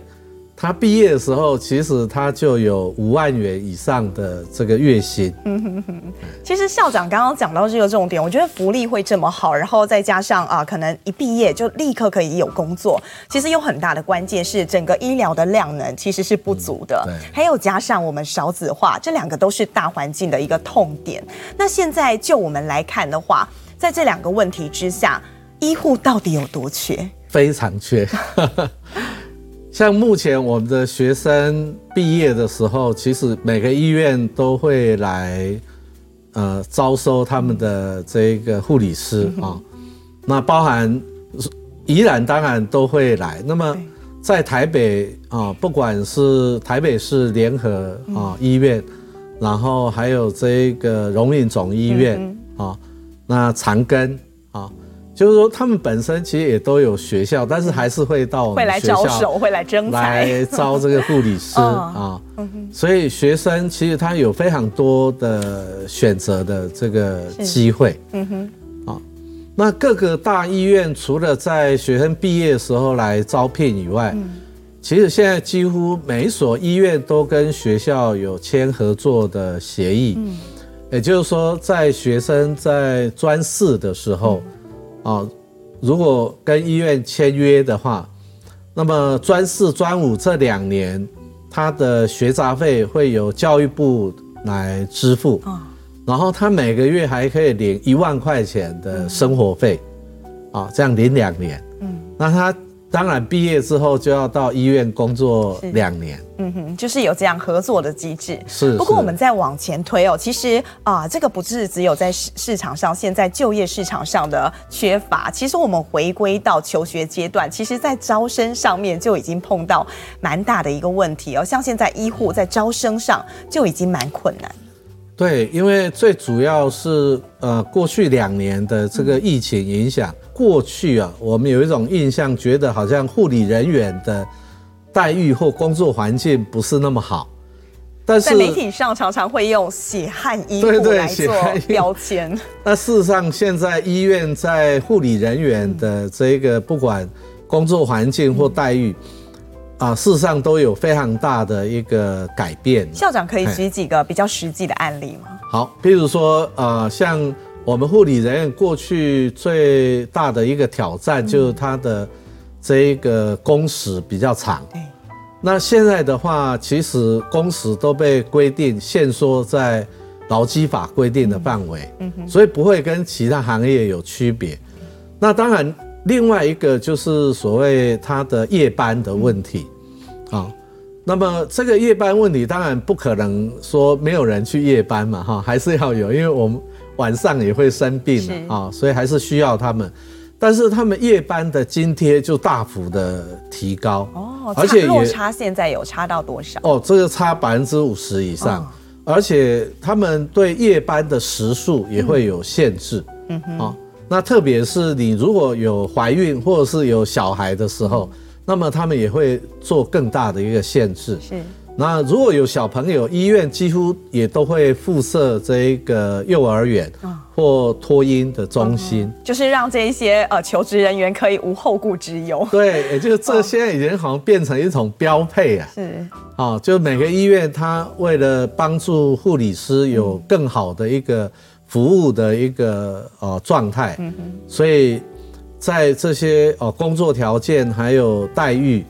他畢業的時候，其實他就有五萬元以上的這個月薪。嗯呵呵，其實校長剛剛講到這個重點，我覺得福利會這麼好，然後再加上啊、呃，可能一畢業就立刻可以有工作，其實有很大的關鍵是整個醫療的量能其實是不足的，嗯、對。還有加上我們少子化，這兩個都是大環境的一個痛點。那現在就我們來看的話，在這兩個問題之下，醫護到底有多缺？非常缺。 像目前我們的學生畢業的時候，其實每個醫院都會來，呃，招收他們的這一個護理師啊、嗯哦。那包含宜蘭當然都會來。那麼在台北啊、哦，不管是台北市聯合啊、哦、醫院、嗯，然後還有這一個榮民總醫院啊、嗯哦，那長庚。就是說，他們本身其實也都有學校，但是還是會到我們學校來會來招手，會來爭取來招這個護理師啊。 所以學生其實他有非常多的選擇的這個機會。嗯哼，那各個大醫院除了在學生畢業的時候來招聘以外，嗯、其實現在幾乎每一所醫院都跟學校有簽合作的協議、嗯。也就是說，在學生在專四的時候。嗯哦，如果跟醫院簽約的話，那麼專四、專五這兩年，他的學雜費會由教育部來支付，然後他每個月還可以領一萬塊錢的生活費，啊，這樣領兩年。嗯，那他。當然，畢業之後就要到醫院工作兩年，嗯哼，就是有這樣合作的機制。是，不過我們再往前推哦，其實啊、呃，這個不是只有在市場上，現在就業市場上的缺乏，其實我們回歸到求學階段，其實在招生上面就已經碰到蠻大的一個問題哦。像現在醫護在招生上就已經蠻困難、嗯。對，因為最主要是呃，過去兩年的這個疫情影響。嗯過去啊，我們有一種印象，覺得好像護理人員的待遇或工作環境不是那麼好。但是在媒體上常，常常會用血汗醫護來做標籤。對對，那事實上，現在醫院在護理人員的這個不管工作環境或待遇，嗯、啊，事實上都有非常大的一個改變。校長可以舉幾個比較實際的案例嗎？哎、好，譬如說，啊、呃，像。我們護理人員過去最大的一個挑戰就是他的這一個工時比較長，那現在的話，其實工時都被規定限縮在勞基法規定的範圍，所以不會跟其他行業有區別。那當然，另外一個就是所謂他的夜班的問題啊。那麼這個夜班問題，當然不可能說沒有人去夜班嘛，哈，還是要有，因為我們。晚上也會生病啊、哦，所以還是需要他們，但是他們夜班的津貼就大幅的提高哦，而且也差現在有差到多少？哦，這個差百分之五十以上、哦，而且他們對夜班的時數也會有限制，嗯，嗯哼、哦，那特別是你如果有懷孕或者是有小孩的時候，那麼他們也會做更大的一個限制。是那如果有小朋友，醫院幾乎也都會附設這一個幼兒園或托嬰的中心。嗯，就是讓這一些呃求職人員可以無後顧之憂。對，也就是這現在已經好像變成一種標配啊。嗯，是，啊，就每個醫院它為了幫助護理師有更好的一個服務的一個呃狀態，所以在這些呃工作條件還有待遇，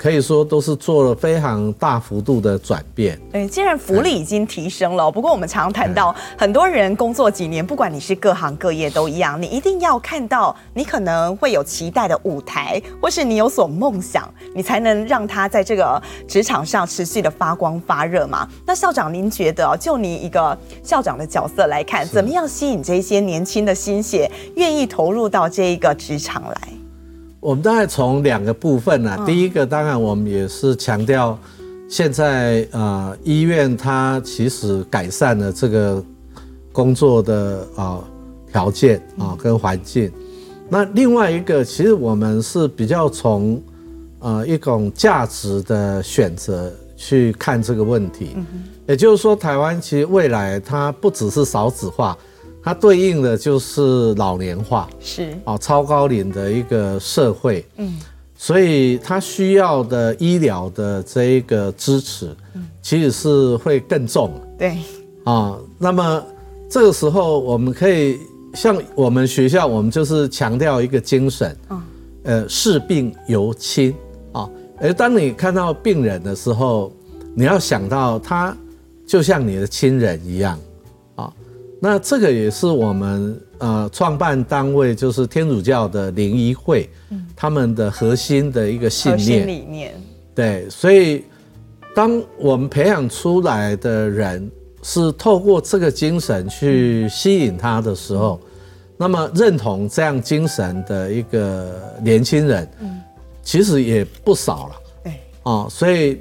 可以說都是做了非常大幅度的轉變。誒，既然福利已經提升了。欸，不過我們常常談到，很多人工作幾年，不管你是各行各業都一樣，你一定要看到你可能會有期待的舞台，或是你有所夢想，你才能讓他在這個職場上持續的發光發熱嘛。那校長，您覺得，就您一個校長的角色來看，怎麼樣吸引這些年輕的新血願意投入到這一個職場來？我們大概從兩個部分呢，啊，第一個當然我們也是強調，現在呃醫院它其實改善了這個工作的啊條、呃、件啊、呃、跟環境、嗯，那另外一個其實我們是比較從呃一種價值的選擇去看這個問題，嗯、也就是說台灣其實未來它不只是少子化。它對應的就是老年化，是啊，超高齡的一個社會，嗯，所以它需要的醫療的這一個支持、嗯，其實是會更重，對，啊、哦，那麼這個時候我們可以像我們學校，我們就是強調一個精神，嗯，呃，視病猶親啊、哦，而當你看到病人的時候，你要想到他就像你的親人一樣。那這個也是我們呃創辦單位，就是天主教的靈醫會、嗯，他們的核心的一個信念理念。對，所以當我們培養出來的人是透過這個精神去吸引他的時候，嗯，那麼認同這樣精神的一個年輕人，嗯，其實也不少了。對、欸哦，所以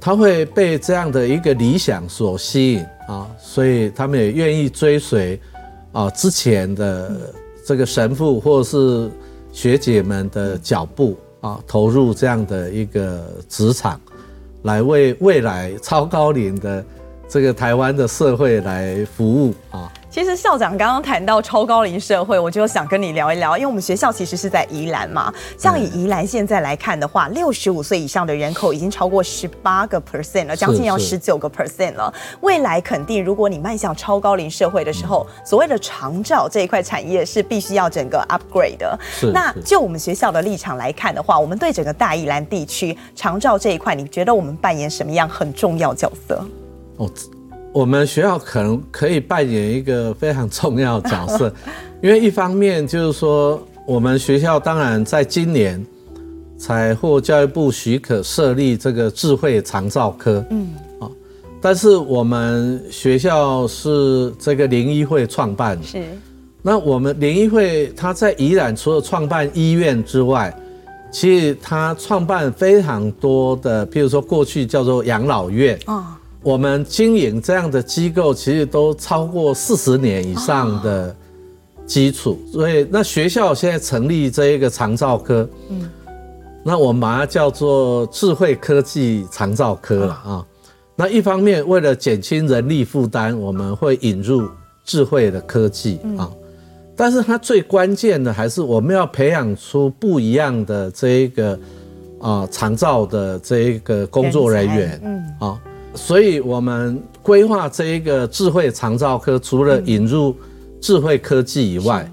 他會被這樣的一個理想所吸引。啊，所以他們也願意追隨，啊，之前的這個神父或者是學姐們的腳步啊，投入這樣的一個職場，來為未來超高齡的這個台灣的社會來服務啊。其實校長剛剛談到超高齡社會，我就想跟你聊一聊，因為我們學校其實是在宜蘭嘛。像以宜蘭現在來看的話，六十五歲以上的人口已經超過十八個 percent 了，將近要十九個 percent 了。是是未來肯定，如果你邁向超高齡社會的時候，嗯、所謂的長照這一塊產業是必須要整個 upgrade 的。是是那就我們學校的立場來看的話，我們對整個大宜蘭地區長照這一塊，你覺得我們扮演什麼樣很重要的角色？哦。我們學校可能可以扮演一個非常重要角色，因為一方面就是說，我們學校當然在今年才獲教育部許可設立這個智慧長照科，嗯啊，但是我們學校是這個靈醫會創辦的，是。那我們靈醫會他在宜蘭除了創辦醫院之外，其實他創辦非常多的，譬如說過去叫做養老院啊。我們經營這樣的機構，其實都超過四十年以上的基礎，所以那學校現在成立這一個長照科，那我們把它叫做智慧科技長照科了啊。那一方面為了減輕人力負擔，我們會引入智慧的科技啊，但是它最關鍵的還是我們要培養出不一樣的這一個啊長照的這一個工作人員，嗯啊。所以，我們規劃這一個智慧長照科，除了引入智慧科技以外，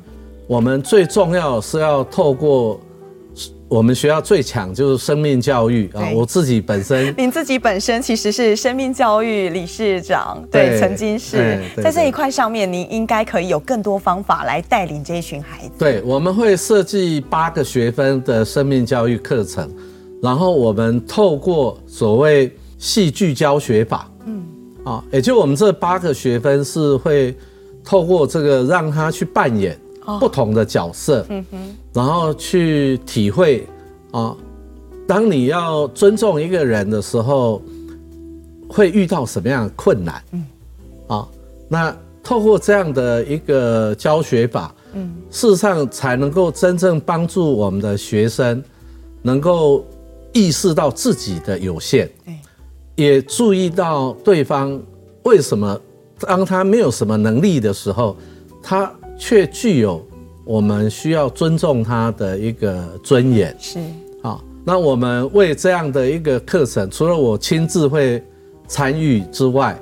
我們最重要是要透過我們學校最強就是生命教育啊。我自己本身，您自己本身其實是生命教育理事長，對，對曾經是對對對在這一塊上面，您應該可以有更多方法來帶領這一群孩子。對，我們會設計八個學分的生命教育課程，然後我們透過所謂，戲劇教學法，嗯，啊、欸，也就我們這八個學分是會透過這個讓他去扮演不同的角色，嗯、哦、哼，然後去體會，啊、哦，當你要尊重一個人的時候，會遇到什麼樣的困難，嗯，啊、哦，那透過這樣的一個教學法，嗯，事實上才能夠真正幫助我們的學生能夠意識到自己的有限，哎、欸。也注意到對方為什麼，當他沒有什麼能力的時候，他卻具有我們需要尊重他的一個尊嚴。是，好，那我們為這樣的一個課程，除了我親自會參與之外，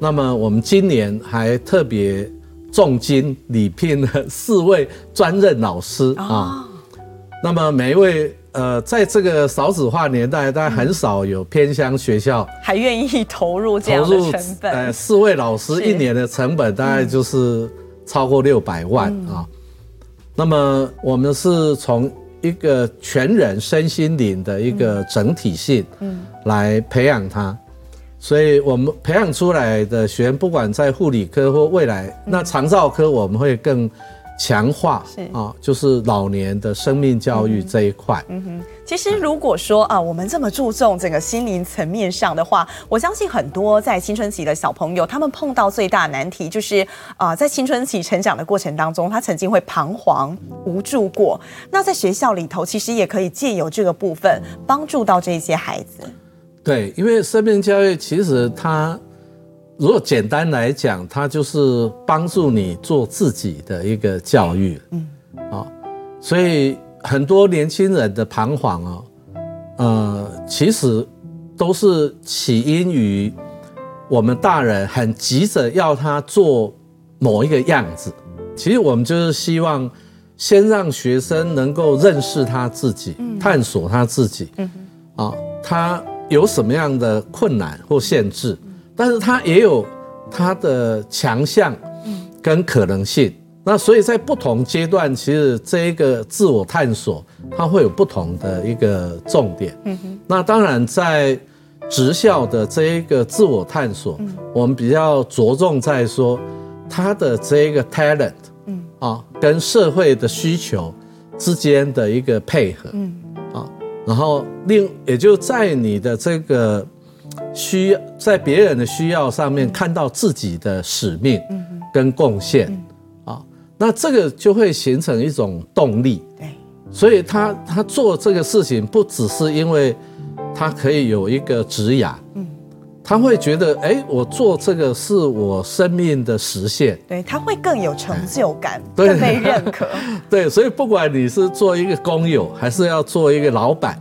那麼我們今年還特別重金禮聘了四位專任老師啊、哦嗯。那麼每一位。呃，在這個少子化年代，大概很少有偏鄉學校還願意投入這樣的成本。四位老師一年的成本大概就是超過六百萬啊。那麼我們是從一個全人身心靈的一個整體性，來培養他，所以我們培養出來的學員，不管在護理科或未來那長照科，我們會更。強化啊、哦，就是老年的生命教育這一塊、嗯。嗯哼，其實如果說啊，我們這麼注重整個心靈層面上的話，我相信很多在青春期的小朋友，他們碰到最大的難題就是啊，在青春期成長的過程當中，他曾經會彷徨無助過。那在學校裡頭，其實也可以借由這個部分幫助到這些孩子。對，因為生命教育其實它。如果簡單來講，它就是幫助你做自己的一個教育，啊，所以很多年輕人的彷徨啊，呃，其實都是起因於我們大人很急着要他做某一個樣子。其實我們就是希望先讓學生能夠認識他自己，探索他自己，啊、哦，他有什麼樣的困難或限制。但是它也有它的強項，嗯，跟可能性。那所以在不同階段，其實這一個自我探索，它會有不同的一個重點。嗯哼。那當然，在職校的這一個自我探索，我們比較着重在說他的這一個 talent，嗯，啊，跟社會的需求之間的一個配合，嗯，啊，然後另也就在你的這個。需要在別人的需要上面看到自己的使命跟貢獻啊，那這個就會形成一種動力。所以他他做這個事情不只是因為他可以有一個職涯，他會覺得哎，我做這個是我生命的實現，對，他會更有成就感，更被認可。對，所以不管你是做一個工友，還是要做一個老闆，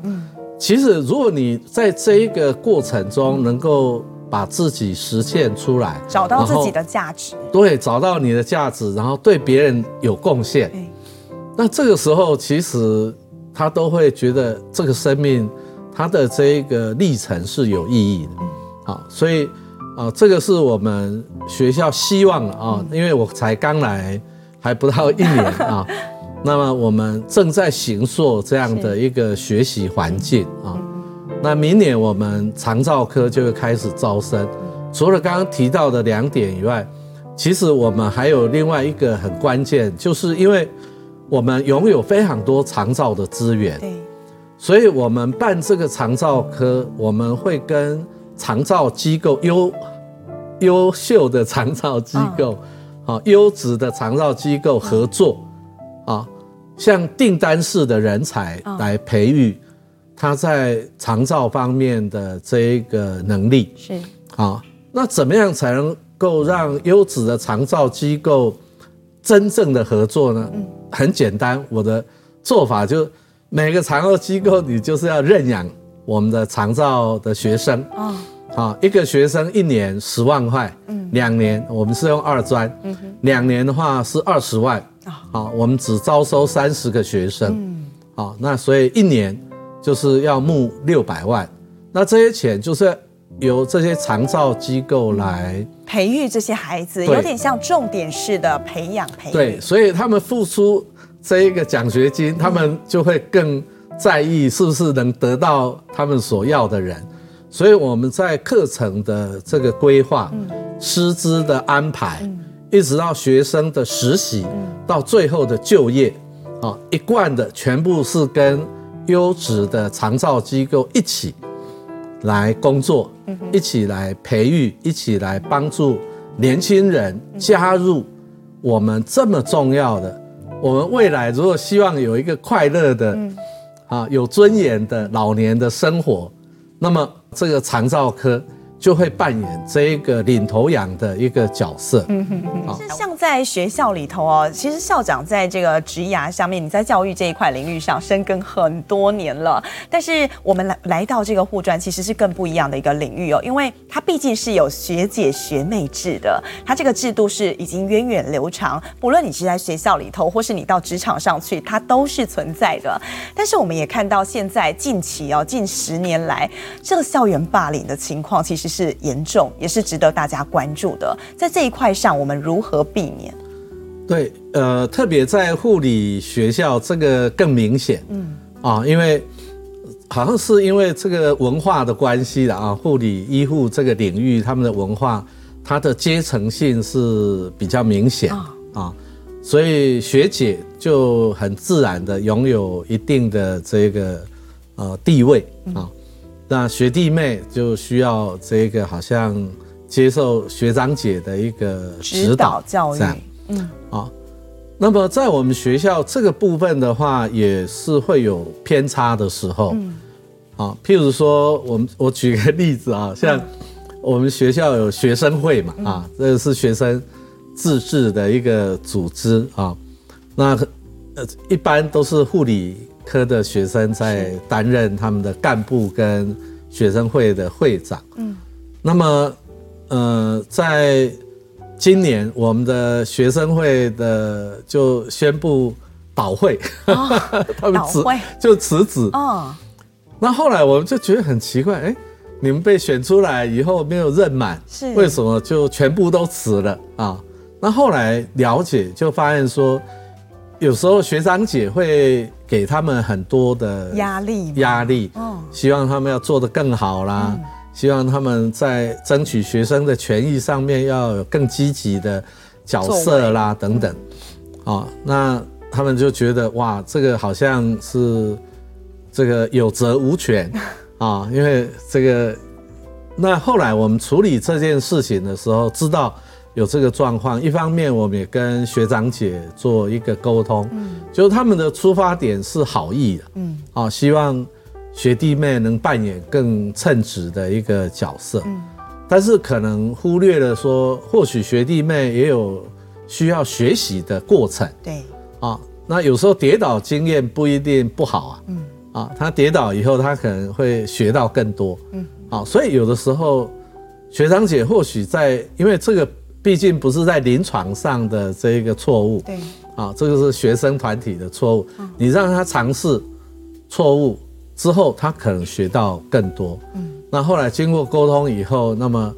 其實，如果你在這一個過程中能夠把自己實現出來，找到自己的價值，對，找到你的價值，然後對別人有貢獻，那這個時候其實他都會覺得這個生命他的這一個歷程是有意義的。好，所以啊，這個是我們學校希望啊，因為我才剛來，還不到一年啊。 那麼我們正在形塑這樣的一個學習環境啊、哦，那明年我們長照科就會開始招生。除了剛剛提到的兩點以外，其實我們還有另外一個很關鍵，就是因為我們擁有非常多長照的資源，所以我們辦這個長照科，我們會跟長照機構優優秀的長照機構啊、優質的長照機構合作啊。像訂單式的人才來培育，他在長照方面的這一個能力是啊，那怎麼樣才能夠讓優質的長照機構真正的合作呢？嗯，很簡單，我的做法就是每個長照機構你就是要認養我們的長照的學生啊、嗯，一個學生一年十萬塊，兩年我們是用二專，嗯，兩年的話是二十萬。好、oh.，我們只招收三十個學生。嗯，好，那所以一年就是要募六百萬。那這些錢就是由這些長照機構來培育這些孩子，有點像重點式的培養。培養,培養對，所以他們付出這一個獎學金、嗯，他們就會更在意是不是能得到他們所要的人。所以我們在課程的這個規劃、嗯、師資的安排。嗯一直到學生的實習，到最後的就業，啊，一貫的全部是跟優質的長照機構一起來工作，一起來培育，一起來幫助年輕人加入我們這麼重要的。我們未來如果希望有一個快樂的，啊，有尊嚴的老年的生活，那麼這個長照科。就會扮演這一個領頭羊的一個角色。其實像在學校裡頭哦，其實校長在這個職涯上面，你在教育這一塊領域上深耕很多年了。但是我們來來到這個護專，其實是更不一樣的一個領域哦，因為它畢竟是有學姐學妹制的，它這個制度是已經源遠流長。不論你是在學校裡頭，或是你到職場上去，它都是存在的。但是我們也看到，現在近期哦，近十年來這個校園霸凌的情況，其實是。是嚴重，也是值得大家關注的。在這一塊上，我們如何避免？對，呃，特別在護理學校這個更明顯，嗯啊、哦，因為好像是因為這個文化的關係啦啊，護理醫護這個領域，他們的文化，它的階層性是比較明顯、哦、啊，所以學姐就很自然的擁有一定的這個呃地位啊。嗯那學弟妹就需要這個，好像接受學長姐的一個指導教育。嗯，那麼在我們學校這個部分的話，也是會有偏差的時候，嗯，啊譬如說我們我舉個例子啊，像我們學校有學生會嘛，啊，這是學生自治的一個組織啊，那呃，一般都是護理。科的學生在擔任他們的幹部跟學生會的會長。嗯，那麼呃，在今年我們的學生會的就宣布倒會，哦，他們辭、哦、就辭職。那後來我們就覺得很奇怪，哎，你們被選出來以後沒有任滿，是為什麼就全部都辭了啊？那後來了解就發現說。有時候學長姐會給他們很多的壓力，壓力，希望他們要做得更好啦，希望他們在爭取學生的權益上面要有更積極的角色啦，等等。啊，那他們就覺得哇，這個好像是這個有責無權啊，因為這個。那後來我們處理這件事情的時候，知道。有這個狀況，一方面我們也跟學長姐做一個溝通，嗯，就是他們的出發點是好意的，嗯，啊，希望學弟妹能扮演更稱職的一個角色，嗯，但是可能忽略了說，或許學弟妹也有需要學習的過程，對，啊，那有時候跌倒經驗不一定不好啊，嗯，啊，他跌倒以後他可能會學到更多，嗯，好，所以有的時候學長姐或許在因為這個。畢竟不是在臨床上的這個錯誤，對，啊，這個是學生團體的錯誤。你讓他嘗試錯誤之後，他可能學到更多。嗯，那後來經過溝通以後，那麼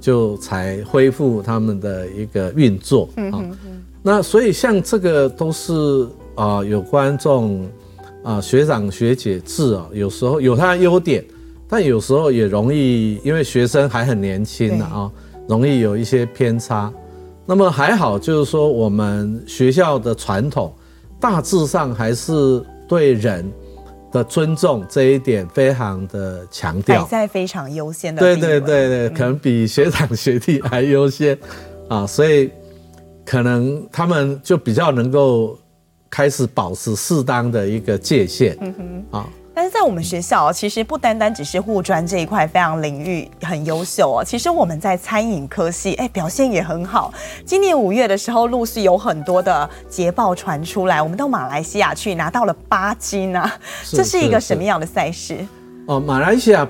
就才恢復他們的一個運作。啊、嗯，嗯，嗯，那所以像這個都是啊、呃，有觀眾啊，學長學姐制啊、哦，有時候有他的優點，但有時候也容易，因為學生還很年輕啊。容易有一些偏差，那麼還好，就是說我們學校的傳統，大致上還是對人的尊重這一點非常的強調，擺在非常優先的地位。對對對對，可能比學長學弟還優先、嗯、啊，所以可能他們就比較能夠開始保持適當的一個界限。嗯哼，啊。但是在我們學校，其實不單單只是護專這一塊非常領域很優秀哦。其實我們在餐飲科系，哎、欸，表現也很好。今年五月的時候，陸續有很多的捷報傳出來，我們到馬來西亞去拿到了八金啊！這是一個什麼樣的賽事？哦，馬來西亞啊、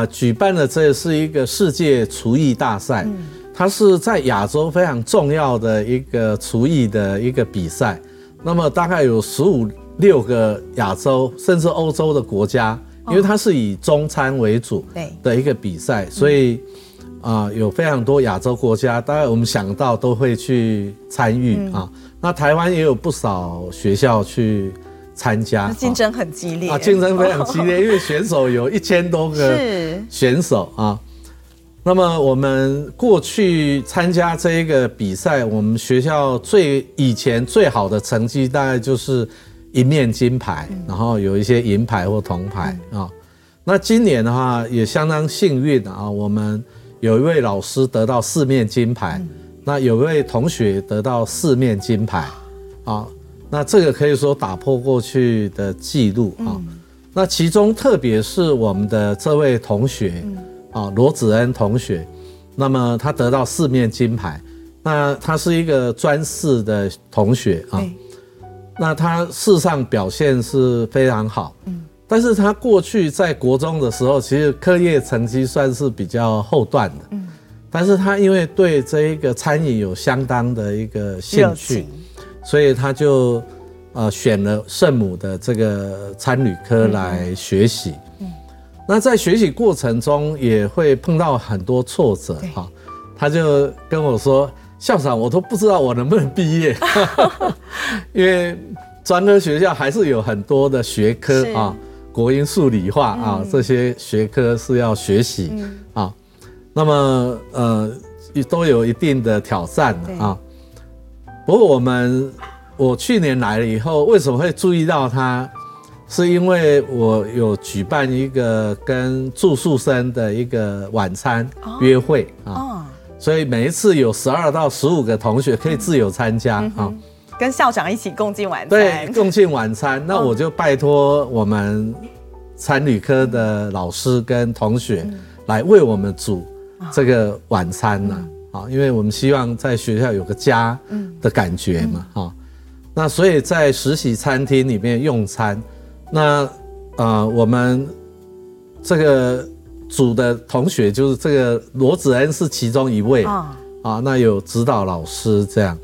呃、舉辦的這是一個世界廚藝大賽、嗯，它是在亞洲非常重要的一個廚藝的一個比賽。那麼大概有十五六個亞洲甚至歐洲的國家，因為它是以中餐為主的一個比賽，哦嗯、所以啊、呃，有非常多亞洲國家，大概我們想到都會去參與、嗯、啊。那台灣也有不少學校去參加，競爭很激烈啊，競爭非常激烈、哦，因為選手有一千多個選手是啊。那麼我們過去參加這一個比賽，我們學校最以前最好的成績大概就是。一面金牌，然後有一些銀牌或銅牌啊。那今年的話也相當幸運啊，我們有一位老師得到四面金牌，那有一位同學得到四面金牌啊。那這個可以說打破過去的記錄啊。那其中特別是我們的這位同學啊，羅子恩同學，那麼他得到四面金牌，那他是一個專四的同學啊。那他事實上表現是非常好，嗯，但是他過去在國中的時候，其實課業成績算是比較後段的，嗯，但是他因為對這一個餐飲有相當的一個興趣，所以他就呃選了聖母的這個餐旅科來學習，嗯，那在學習過程中也會碰到很多挫折哈，他就跟我說。校長，我都不知道我能不能畢業，因為專科學校還是有很多的學科啊，國英數理化啊，這些學科是要學習啊，那麼呃都有一定的挑戰啊。不過我們我去年來了以後，為什麼會注意到他？是因為我有舉辦一個跟住宿生的一個晚餐約會啊。所以每一次有十二到十五個同學可以自由參加啊、嗯嗯，跟校長一起共進晚餐對，共進晚餐。 那我就拜托我們餐旅科的老師跟同學來為我們煮這個晚餐啊、嗯嗯，因為我們希望在學校有個家的感覺嘛哈、嗯嗯。那所以在實習餐廳裡面用餐，那、呃、我們這個。組的同學就是這個羅子恩是其中一位啊啊、哦哦，那有指導老師這樣，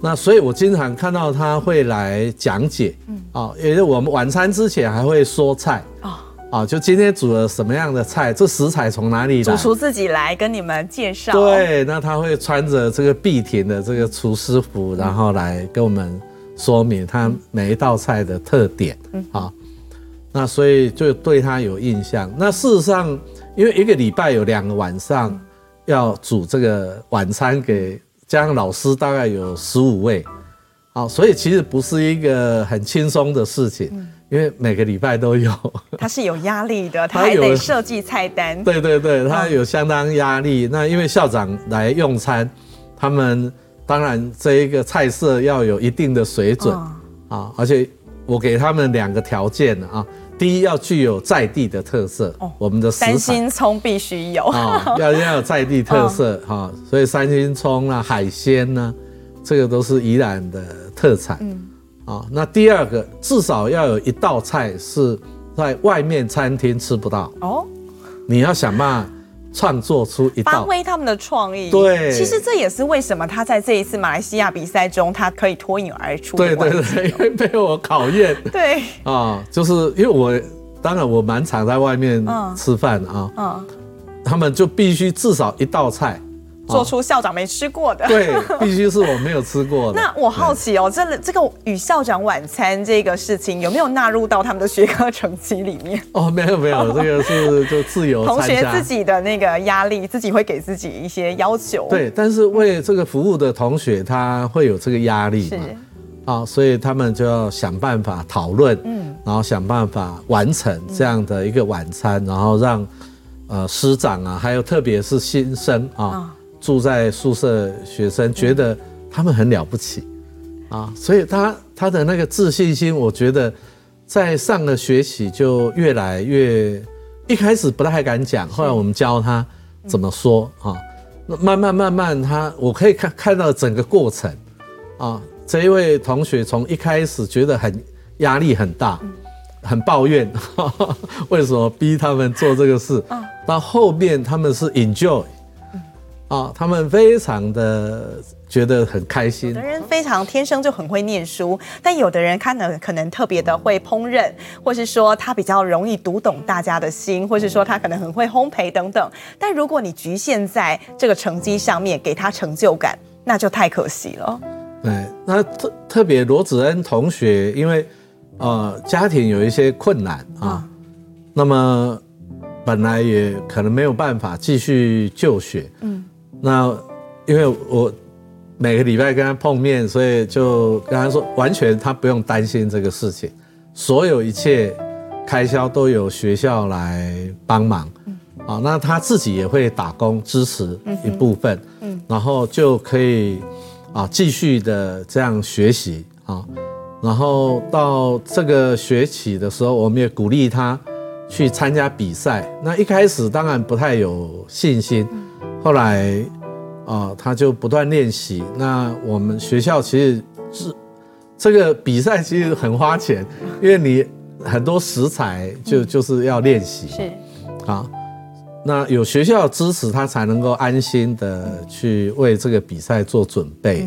那所以我經常看到他會來講解，嗯啊，也就我們晚餐之前還會說菜啊啊、哦哦，就今天煮了什麼樣的菜，這食材從哪裡來，主廚自己來跟你們介紹，對，那他會穿着這個碧田的這個廚師服，然後來跟我們說明他每一道菜的特點，嗯啊。哦那所以就對他有印象。那事實上，因為一個禮拜有兩個晚上要煮這個晚餐給江老師，大概有十五位，好，所以其實不是一個很輕鬆的事情，因為每個禮拜都有。他是有壓力的，他還得設計菜單。對對對，他有相當壓力。那因為校長來用餐，他們當然這一個菜色要有一定的水準啊，而且我給他們兩個條件啊。第一要具有在地的特色，哦、我們的三星蔥必須有，要、 哦、要有在地特色哈、哦哦，所以三星蔥啊、海鮮呢、啊，這個都是宜蘭的特產。嗯，啊、哦，那第二個至少要有一道菜是在外面餐廳吃不到哦，你要想嘛。創作出一道發揮他們的創意，對，其實這也是為什麼他在這一次馬來西亞比賽中，他可以脫穎而出。對對對，因為被我考驗， 對啊、哦，就是因為我，當然我蠻常在外面吃飯啊，嗯、哦，他們就必須至少一道菜，做出校長沒吃過的，哦，對，必須是我沒有吃過的。 那我好奇哦，這個、這個與校長晚餐這個事情有沒有納入到他們的學科成績裡面？哦，沒有沒有，這個是就自由同學自己的那個壓力，自己會給自己一些要求。對，但是為這個服務的同學，他會有這個壓力是啊，哦，所以他們就要想辦法討論，嗯，然後想辦法完成這樣的一個晚餐，嗯、然後讓呃師長啊，還有特別是新生啊。哦哦住在宿舍學生覺得他們很了不起，啊，所以他他的那個自信心，我覺得在上個學期就越來越，一開始不太敢講，後來我們教他怎麼說啊，那慢慢慢慢他我可以看看到整個過程啊，這一位同學從一開始覺得很壓力很大，很抱怨為什麼逼他們做這個事，到後面他們是 enjoy。啊、哦，他們非常的覺得很開心。有的人非常天生就很會念書，但有的人看了可能特別的會烹飪，或是說他比較容易讀懂大家的心，或是說他可能很會烘焙等等。但如果你局限在這個成績上面給他成就感，那就太可惜了。對，那特特別羅子恩同學，因為呃家庭有一些困難啊，那麼本來也可能沒有辦法繼續就學，嗯。那，因為我每個禮拜跟他碰面，所以就跟他說，完全他不用擔心這個事情，所有一切開銷都有學校來幫忙，啊，那他自己也會打工支持一部分，然後就可以啊繼續的這樣學習啊，然後到這個學期的時候，我們也鼓勵他去參加比賽。那一開始當然不太有信心。後來，啊、哦，他就不斷練習。那我們學校其實是這個比賽其實很花錢，因為你很多食材就就是要練習。是。啊，那有學校支持，他才能夠安心的去為這個比賽做準備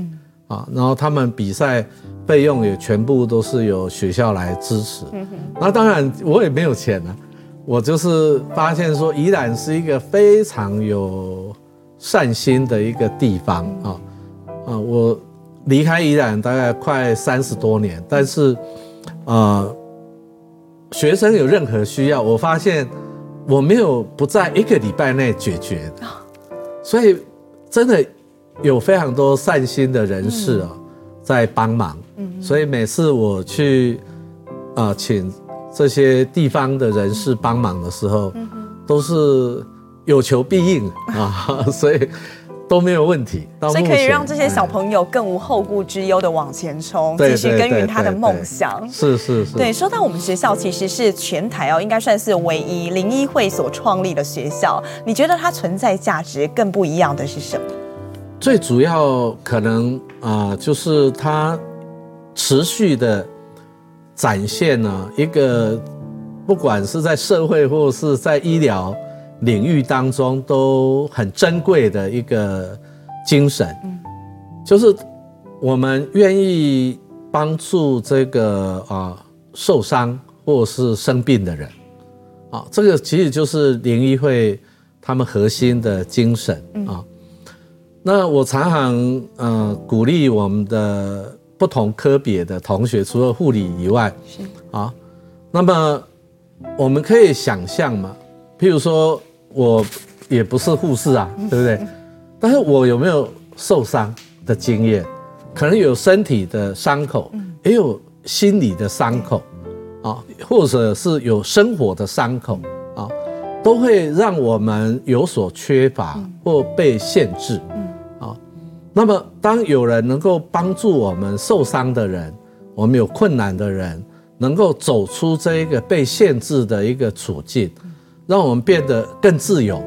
啊、嗯。然後他們比賽費用也全部都是由學校來支持。嗯、那當然我也沒有錢了、啊，我就是發現說，宜蘭是一個非常有。善心的一個地方啊，啊，我離開宜蘭大概快三十多年，但是，呃，學生有任何需要，我發現我沒有不在一個禮拜內解決，所以真的有非常多善心的人士啊在幫忙，所以每次我去啊請這些地方的人士幫忙的時候，都是。有求必應啊，所以都沒有問題，所以可以讓這些小朋友更無後顧之憂的往前衝，繼續耕耘他的夢想。是是是。對，說到我們學校，其實是全台哦，應該算是唯一靈醫會所創立的學校。你覺得它存在價值更不一樣的是什麼？最主要可能啊、呃，就是它持續的展現了、啊、一個，不管是在社會或是在醫療。領域當中都很珍貴的一個精神，就是我們願意幫助這個啊受傷或是生病的人，啊，這個其實就是靈醫會他們核心的精神啊。那我常常呃鼓勵我們的不同科別的同學，除了護理以外，啊，那麼我們可以想象嘛。譬如說，我也不是護士啊，對不對？但是我有沒有受傷的經驗？可能有身體的傷口，也有心理的傷口啊，或者是有生活的傷口啊，都會讓我們有所缺乏或被限制啊。那麼當有人能夠幫助我們受傷的人，我們有困難的人，能夠走出這一個被限制的一個處境。讓我們變得更自由，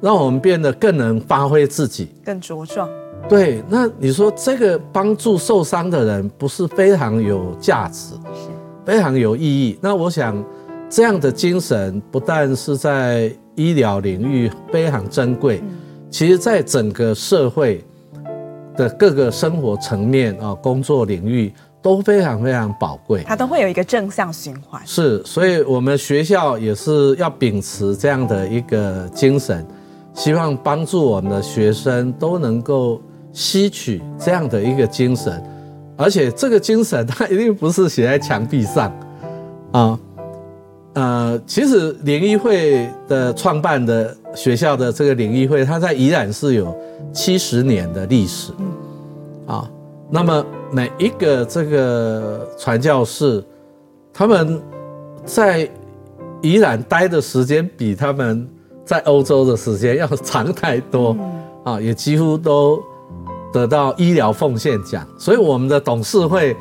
讓我們變得更能發揮自己，更茁壯。對，那你說這個幫助受傷的人，不是非常有價值，是非常有意義。那我想，這樣的精神不但是在醫療領域非常珍貴，嗯、其實在整個社會的各個生活層面啊，工作領域。都非常非常寶貴，它都會有一個正向循環。是，所以我們學校也是要秉持這樣的一個精神，希望幫助我們的學生都能夠吸取這樣的一個精神。而且這個精神它一定不是寫在牆壁上啊、嗯。呃，其實靈醫會的創辦的學校的這個靈醫會，它在宜蘭是有七十年的歷史啊、嗯。那麼。每一個這個傳教士，他們在宜蘭待的時間比他們在歐洲的時間要長太多，啊，也幾乎都得到醫療奉獻獎。所以我們的董事會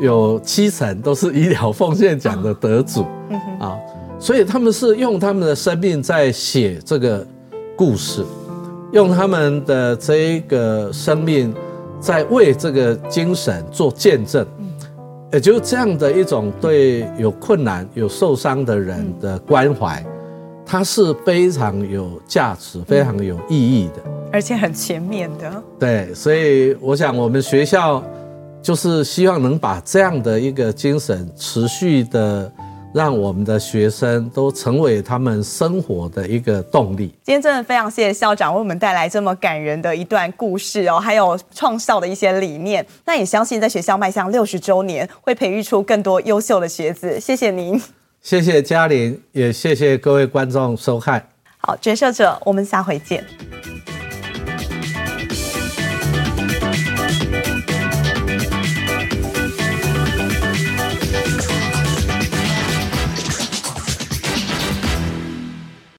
有七成都是醫療奉獻獎的得主，啊，所以他們是用他們的生命在寫這個故事，用他們的這個生命。在為這個精神做見證，嗯，也就是這樣的一種對有困難、有受傷的人的關懷，它是非常有價值、非常有意義的，嗯，而且很全面的。對，所以我想我們學校就是希望能把這樣的一個精神持續的。讓我們的學生都成為他們生活的一個動力。今天真的非常謝謝校長為我們帶來這麼感人的一段故事哦，還有創校的一些理念。那也相信在學校邁向六十周年，會培育出更多優秀的學子。謝謝您，謝謝嘉琳，也謝謝各位觀眾收看。好，決策者，我們下回見。